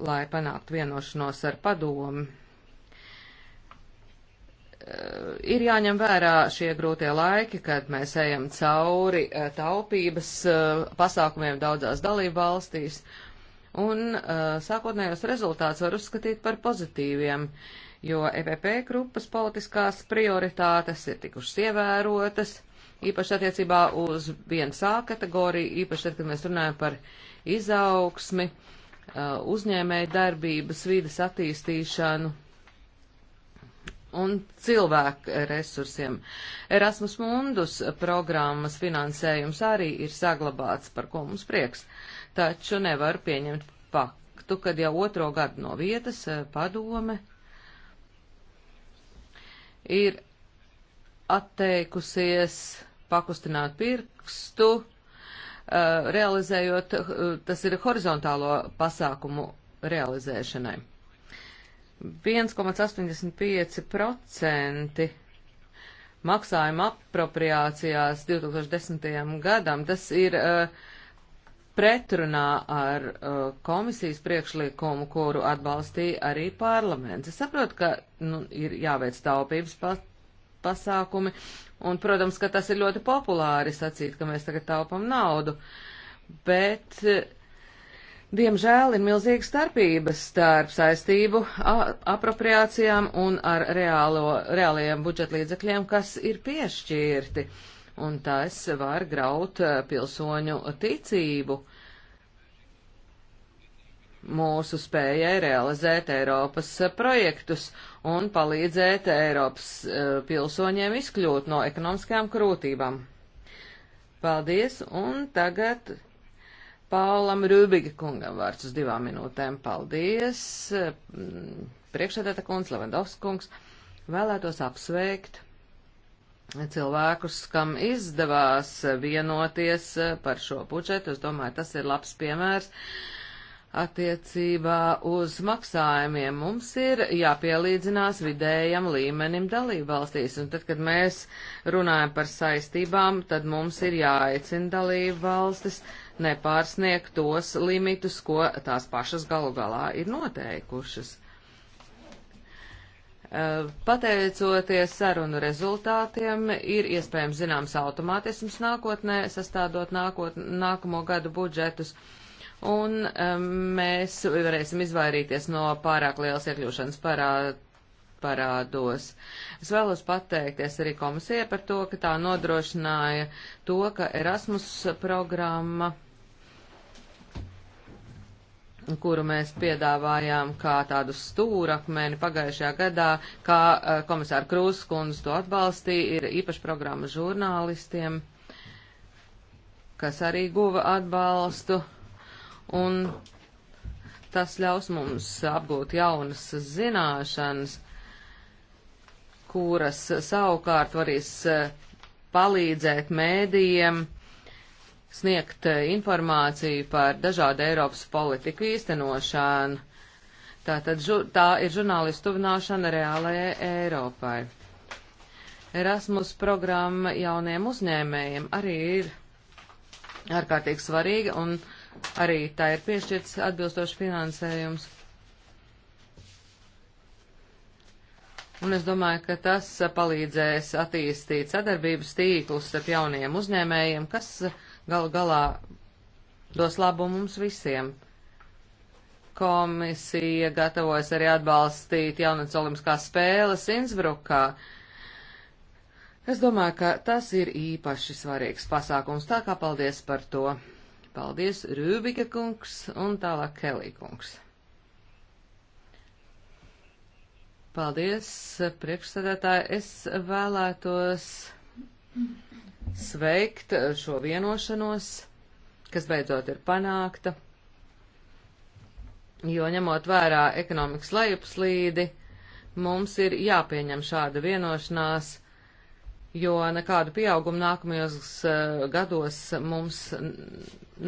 lai panāktu vienošanos ar padomu. Eh, ir jāņem vērā šie grūtie laiki, kad mēs ejam cauri eh, taupības eh, pasākumiem daudzās dalību valstīs, un sākotnējos rezultāts var uzskatīt par pozitīviem. Uh, jo EPP grupas politiskās prioritātes ir tikušas ievērotas, īpaši attiecībā uz 1A kategoriju, īpaši tad, kad mēs runājam par izaugsmi, uh, uzņēmēju darbības, vidas attīstīšanu un cilvēku resursiem. Erasmus Mundus programmas finansējums arī ir saglabāts, par ko mums prieks, taču nevar pieņemt faktu, kad jau otro gadu no vietas uh, padome ir atteikusies pakustināt pirkstu, eh, realizējot, eh, tas ir horizontālo pasākumu realizēšanai. 1,85% maksājuma apropriācijās 2010. gadam, tas ir uh, pretrunā ar uh, komisijas priekšlikumu, kuru atbalstīja arī parlaments. Es saprotu, ka nu, ir jāveic taupības pa pasākumi, un, protams, ka tas ir ļoti populāri sacīt, ka mēs tagad taupam naudu, bet, eh, diemžēl, ir milzīga starpības starp saistību apropriācijām un ar reālo, reālajiem budžetlīdzekļiem, kas ir piešķirti. Uh, un tas var graut eh, pilsoņu ticību mūsu spējai realizēt Eiropas eh, projektus un palīdzēt Eiropas eh, pilsoņiem izkļūt no ekonomiskajām krūtībām. Paldies, un tagad Paulam Rūbiga kungam vārds uz divām minūtēm. Paldies, priekšsēdētā kundze, Levandovs kungs, vēlētos apsveikt cilvēkus, kam izdevās vienoties par šo budžetu. Es domāju, tas ir labs piemērs attiecībā uz maksājumiem. Mums ir jāpielīdzinās vidējam līmenim dalībvalstīs, un tad, kad mēs runājam par saistībām, tad mums ir jāaicina dalībvalstis nepārsniegt tos limitus, ko tās pašas galu galā ir noteikušas. Eh, pateicoties sarunu rezultātiem, ir iespējams zināms automātisms nākotnē, sastādot nākot, nākamo gadu budžetus, un eh, mēs varēsim izvairīties no pārāk lielas iekļūšanas parā, parādos. Es vēlos pateikties arī komisijai par to, ka tā nodrošināja to, ka Erasmus programma kuru mēs piedāvājām kā tādu stūrakmeni pagājušajā gadā, kā eh, komisāra Krūskundze to atbalstīja, ir īpaša programma žurnālistiem, kas arī guva atbalstu, un tas ļaus mums apgūt jaunas zināšanas, kuras savukārt varēs eh, palīdzēt mēdījiem, uh, sniegt eh, informāciju par dažādu Eiropas politiku īstenošanu. Tātad tā ir žurnālistu tuvināšana reālajai Eiropai. Erasmus programma jauniem uzņēmējiem arī ir ārkārtīgi svarīga un arī tā ir piešķirts atbilstošs finansējums. Un es domāju, ka tas palīdzēs attīstīt sadarbības tīklus ar jauniem uzņēmējiem, kas uh, gal galā dos labu mums visiem. Komisija gatavojas arī atbalstīt jaunas olimpiskās spēles Innsbrukā. Es domāju, ka tas ir īpaši svarīgs pasākums, tā kā paldies par to. Paldies, Rūbika kungs un tālāk Kelī kungs. Paldies, priekšsēdētāji. Es vēlētos sveikt šo vienošanos, kas beidzot ir panākta, jo ņemot vērā ekonomikas lejupslīdi, mums ir jāpieņem šāda vienošanās, jo nekādu pieaugumu nākamajos eh, gados mums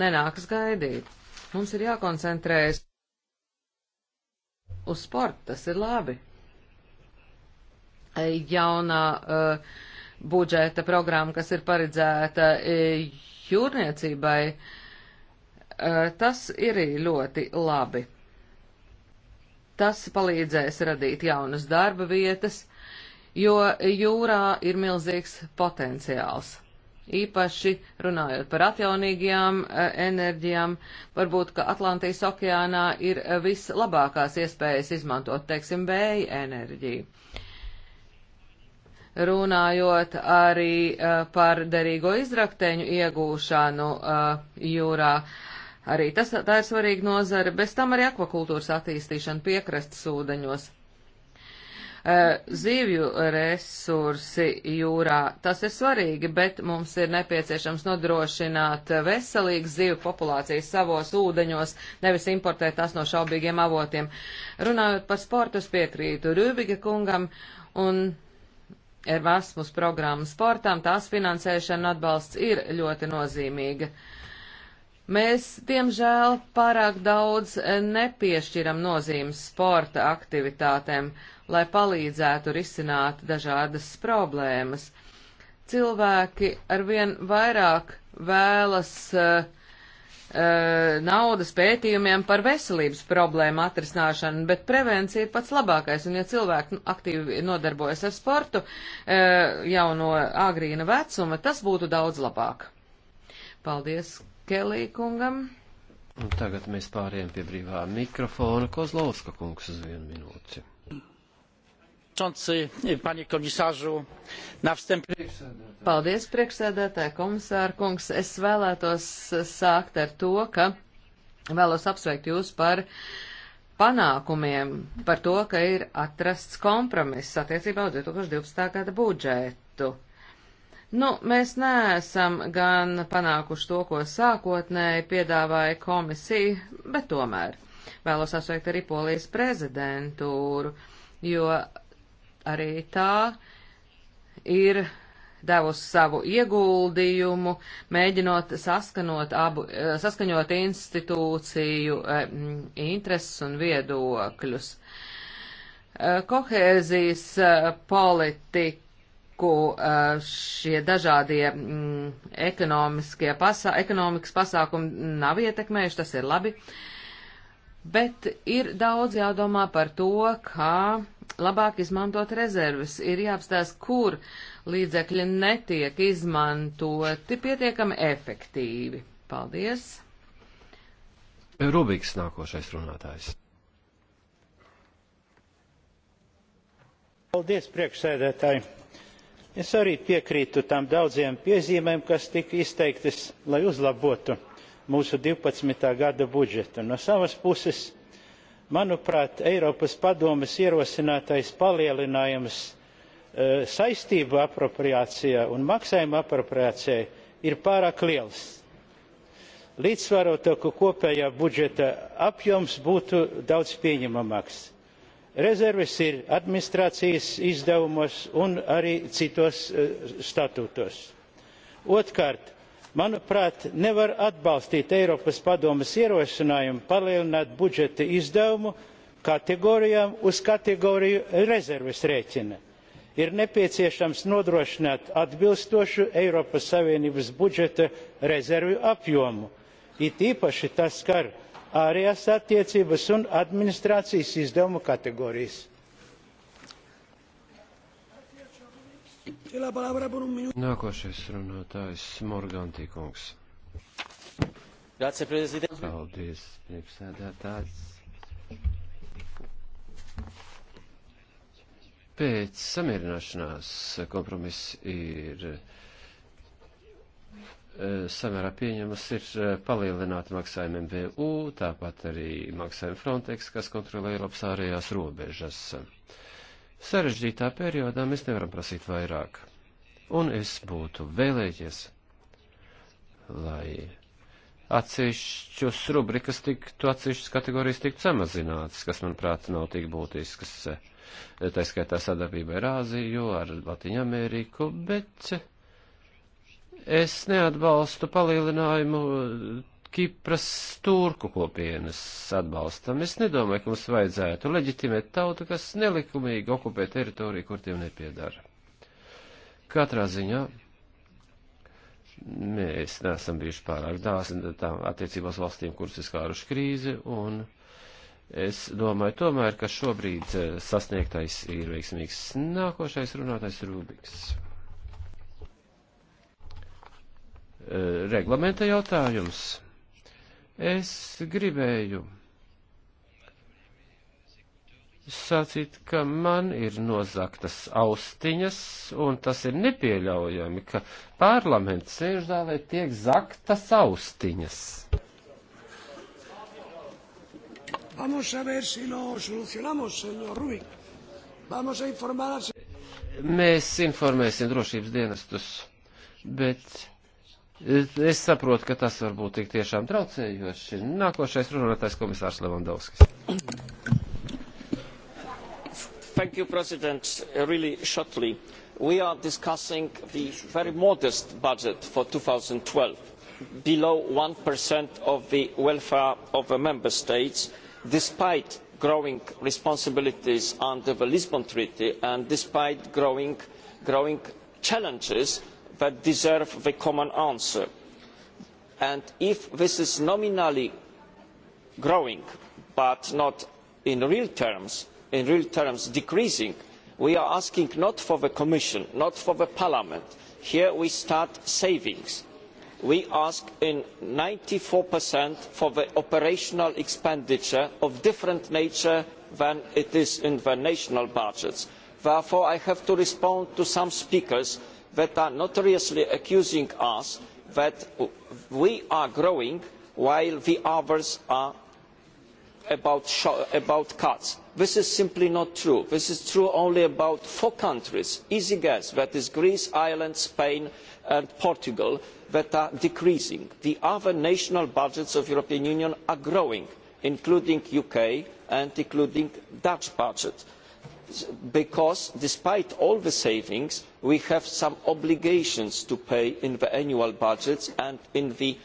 nenāks gaidīt. Mums ir jākoncentrējas uz sportu, tas ir labi. Jaunā uh, budžeta programma, kas ir paredzēta e, jūrniecībai, e, tas ir ļoti labi. Tas palīdzēs radīt jaunas darba vietas, jo jūrā ir milzīgs potenciāls īpaši runājot par atjaunīgajām e, enerģijām, varbūt, ka Atlantijas okeānā ir vislabākās iespējas izmantot, teiksim, vēja enerģiju runājot arī uh, par derīgo izrakteņu iegūšanu uh, jūrā. Arī tas, tā ir svarīga nozara, bez tam arī akvakultūras attīstīšana piekrastes ūdeņos. Uh, zivju resursi jūrā, tas ir svarīgi, bet mums ir nepieciešams nodrošināt veselīgas zivju populācijas savos ūdeņos, nevis importēt tās no šaubīgiem avotiem. Runājot par sportu, es piekrītu Rūbiga kungam un Erasmus programmu sportām, tās finansēšana atbalsts ir ļoti nozīmīga. Mēs, diemžēl, pārāk daudz nepiešķiram nozīmes sporta aktivitātēm, lai palīdzētu risināt dažādas problēmas. Cilvēki arvien vairāk vēlas uh, Eh, naudas pētījumiem par veselības problēmu atrisināšanu, bet prevencija ir pats labākais, un ja cilvēki aktīvi nodarbojas ar sportu eh, jau no agrīna vecuma, tas būtu daudz labāk. Paldies Kelī kungam. Un tagad mēs pāriem pie brīvā mikrofona Kozlovska kungs uz vienu minūti. Paldies, priekšsēdētāji, komisāra kungs. Es vēlētos sākt ar to, ka vēlos apsveikt jūs par panākumiem, par to, ka ir atrasts kompromiss attiecībā uz 2012. gada budžetu. Nu, mēs neesam gan panākuši to, ko sākotnēji piedāvāja komisija, bet tomēr vēlos apsveikt arī Polijas prezidentūru, jo arī tā ir devusi savu ieguldījumu, mēģinot saskanot abu, eh, saskaņot institūciju eh, intereses un viedokļus. Eh, kohēzijas politika ko šie dažādie ekonomiskie pasā, ekonomikas pasākumi nav ietekmējuši, tas ir labi. Bet ir daudz jādomā par to, kā labāk izmantot rezerves, ir jāapstāst, kur līdzekļi netiek izmantoti pietiekami efektīvi. Paldies! Rubiks nākošais runātājs. Paldies, priekšsēdētāji! Es arī piekrītu tam daudziem piezīmēm, kas tika izteiktas, lai uzlabotu mūsu 12. gada budžetu. No savas puses manuprāt eiropas padomes ierosinātais palielinājums eh, saistību apropriācijai un maksājumu apropriācijai ir pārāk liels. līdzsvarotāka kopējā budžeta apjoms būtu daudz pieņemamāks. rezerves ir administrācijas izdevumos un arī citos eh, statūtos. otrkārt manuprāt nevar atbalstīt eiropas padomes ierosinājumu palielināt budžeta izdevumu kategorijām uz kategoriju rezerves rēķina. ir nepieciešams nodrošināt atbilstošu eiropas savienības budžeta rezervju apjomu it īpaši tas skar ārējās attiecības un administrācijas izdevumu kategorijas. Nākošais runātājs Morganti kungs. Paldies, priekšsēdētājs. Pēc samierināšanās kompromiss ir eh, samērā pieņemas ir eh, palielināti maksājumi MVU, tāpat arī maksājumi Frontex, kas kontrolē Eiropas ārējās robežas sarežģītā periodā mēs nevaram prasīt vairāk. Un es būtu vēlējies, lai atsevišķos rubrikas tiktu, atsevišķas kategorijas tiktu samazinātas, kas, manuprāt, nav tik būtiskas, tā skaitā sadarbība ar Āziju, ar Latviju Ameriku, bet es neatbalstu palielinājumu Kipras turku kopienas atbalstam. Es nedomāju, ka mums vajadzētu leģitimēt tautu, kas nelikumīgi okupē teritoriju, kur tiem nepiedara. Katrā ziņā mēs neesam bijuši pārāk dāsni tām attiecībās valstīm, kuras ir skāruši krīzi, un es domāju tomēr, ka šobrīd eh, sasniegtais ir veiksmīgs. Nākošais runātais ir Rubiks. Eh, reglamenta jautājums. Es gribēju sacīt, ka man ir nozaktas austiņas, un tas ir nepieļaujami, ka parlaments sēžzālē tiek zaktas austiņas. Vamos a ver si lo solucionamos, señor Rubik. Vamos a informar al... Mēs informēsim drošības dienestus, bet Es saprotu, ka tas var būt tik tiešām traucējoši. Nākošais runātais komisārs Levandovskis. Thank you, President. Really shortly, we are discussing the very modest budget for 2012, below 1% of the welfare of the member states, despite growing responsibilities under the Lisbon Treaty and despite growing, growing challenges that deserve a common answer. And if this is nominally growing but not in real terms, in real terms decreasing, we are asking not for the Commission, not for the Parliament. Here we start savings. We ask in 94% for the operational expenditure of different nature than it is in the national budgets. Therefore, I have to respond to some speakers that are notoriously accusing us that we are growing while the others are about, about cuts. This is simply not true. This is true only about four countries, easy guess, that is Greece, Ireland, Spain and Portugal, that are decreasing. The other national budgets of the European Union are growing, including UK and including Dutch budget because despite all the savings we have some obligations to pay in the annual budgets and in the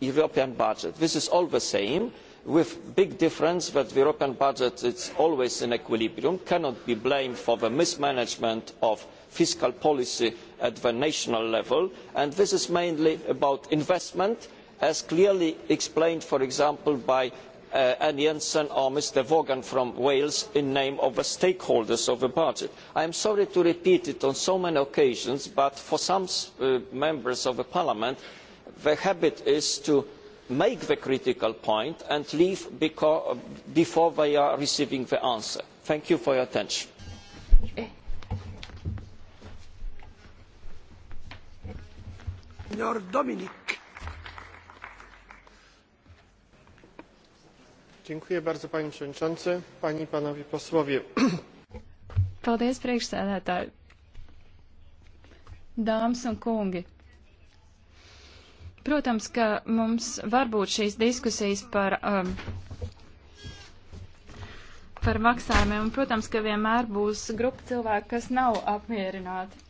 european budget. this is all the same with the big difference that the european budget is always in equilibrium and cannot be blamed for the mismanagement of fiscal policy at the national level and this is mainly about investment as clearly explained for example by Uh, anne jensen or mr vaughan from wales in name of the stakeholders of the budget. i am sorry to repeat it on so many occasions but for some uh, members of parliament the habit is to make the critical point and leave before they receive the answer. thank you for your attention. Dominic Dziękuję bardzo, panie przewodniczący, panie i panowie posłowie. Paldies, priekšsēdētāji. Dāmas un kungi. Protams, ka mums var būt šīs diskusijas par, um, par maksājumiem, un, protams, ka vienmēr būs grupa cilvēku, kas nav apmierināti.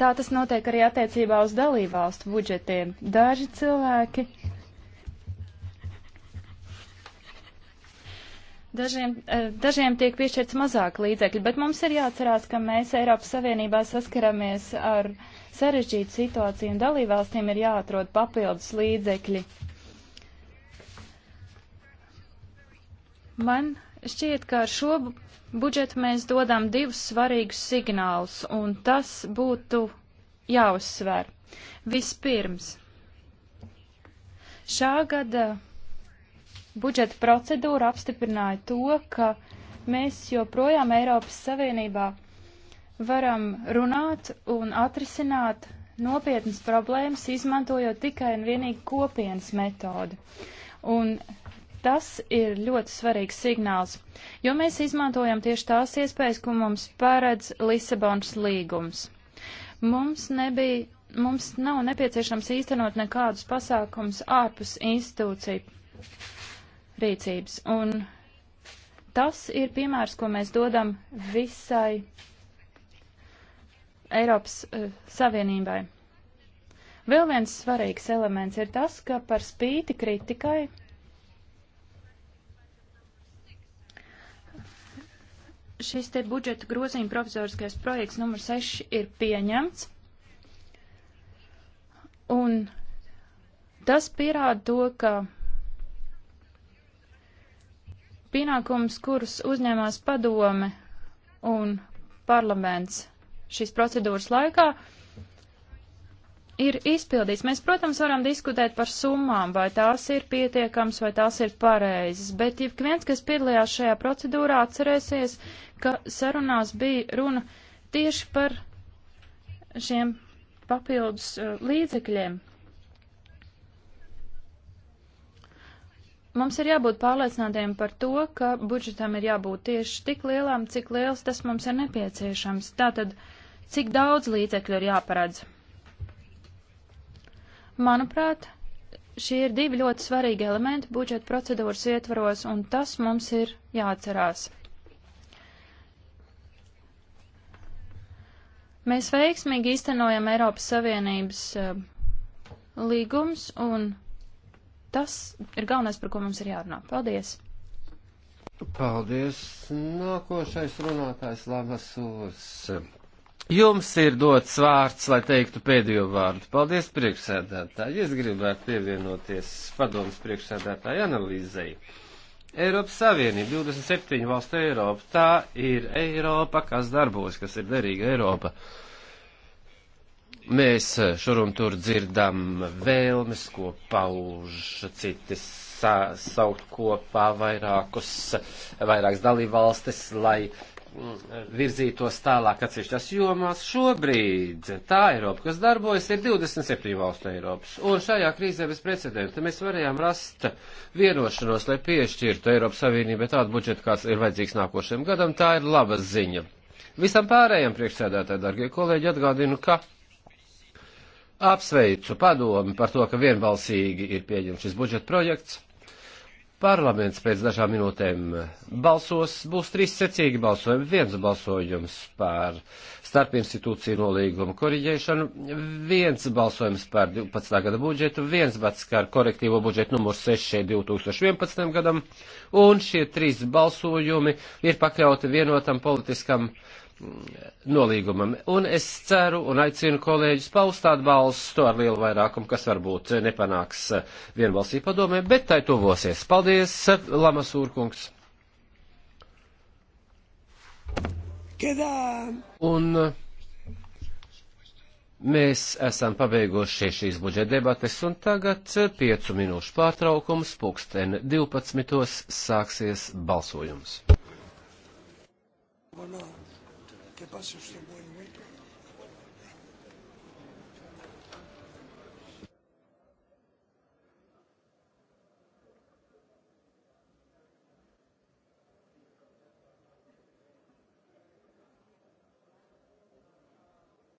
Tā tas notiek arī attiecībā uz dalībvalstu budžetiem. Daži cilvēki Dažiem, eh, dažiem tiek piešķirts mazāk līdzekļu, bet mums ir jāatcerās, ka mēs Eiropas Savienībā saskaramies ar sarežģītu situāciju un dalībvalstīm ir jāatrod papildus līdzekļi. Man šķiet, ka ar šo budžetu mēs dodam divus svarīgus signālus, un tas būtu jāuzsver. Vispirms, šā gada budžeta procedūra apstiprināja to, ka mēs joprojām Eiropas Savienībā varam runāt un atrisināt nopietnas problēmas, izmantojot tikai un vienīgi kopienas metodi. Un Tas ir ļoti svarīgs signāls, jo mēs izmantojam tieši tās iespējas, ko mums paredz Lisabonas līgums. Mums nebija, mums nav nepieciešams īstenot nekādus pasākums ārpus institūciju rīcības. Un tas ir piemērs, ko mēs dodam visai Eiropas uh, Savienībai. Vēl viens svarīgs elements ir tas, ka par spīti kritikai šis te budžeta grozījuma provizoriskais projekts numur 6 ir pieņemts. Un tas pierāda to, ka pienākums, kurus uzņēmās padome un parlaments šīs procedūras laikā, ir izpildīts. Mēs, protams, varam diskutēt par summām, vai tās ir pietiekams, vai tās ir pareizas, bet ik viens, kas piedalījās šajā procedūrā, atcerēsies, ka sarunās bija runa tieši par šiem papildus uh, līdzekļiem. Mums ir jābūt pārliecinātiem par to, ka budžetam ir jābūt tieši tik lielām, cik liels tas mums ir nepieciešams. Tātad, cik daudz līdzekļu ir jāparedz? Manuprāt, šie ir divi ļoti svarīgi elementi budžeta procedūras ietvaros, un tas mums ir jāatcerās. Mēs veiksmīgi īstenojam Eiropas Savienības uh, līgums un Tas ir galvenais, par ko mums ir jārunā. Paldies! Paldies! Nākošais runātājs Lamasūrs. Jums ir dots vārds, lai teiktu pēdējo vārdu. Paldies, priekšsēdētāji! Es gribētu pievienoties padomas priekšsēdētāju analīzei. Eiropas Savienība, 27 valstu Eiropa, tā ir Eiropa, kas darbojas, kas ir derīga Eiropa. Uh, Mēs e, šurum tur dzirdam vēlmes, ko pauž citi sa saukt kopā vairākus, vairākas dalībvalstis, lai mm, virzītos tālāk atsevišķās jomās. Šobrīd tā Eiropa, kas darbojas, ir 27 valstu Eiropas. Un šajā krīzē bez precedenta mēs varējām rast vienošanos, lai piešķirtu Eiropas Savienībai tādu budžetu, kāds ir vajadzīgs nākošajam gadam. Tā ir laba ziņa. Visam pārējiem priekšsēdētāji, darbie kolēģi, atgādinu, ka Apsveicu padomi par to, ka vienbalsīgi ir pieņemts šis budžeta projekts. Parlaments pēc dažām minūtēm balsos, būs trīs secīgi balsojumi, viens balsojums par starpinstitūciju nolīgumu koriģēšanu, viens balsojums par 12. gada budžetu, viens bats kā korektīvo budžetu numurs 6 2011. gadam, un šie trīs balsojumi ir pakļauti vienotam politiskam uh, nolīgumam. Un es ceru un aicinu kolēģis paustāt balstu ar lielu vairākumu, kas varbūt nepanāks vienbalsī padomē, bet tai tuvosies. Paldies, LamasŪrkungs. Un mēs esam pabeiguši šīs budžeta debates, un tagad piecu minūšu pārtraukums, pulksten 12. sāksies balsojums. Bueno que pase usted muy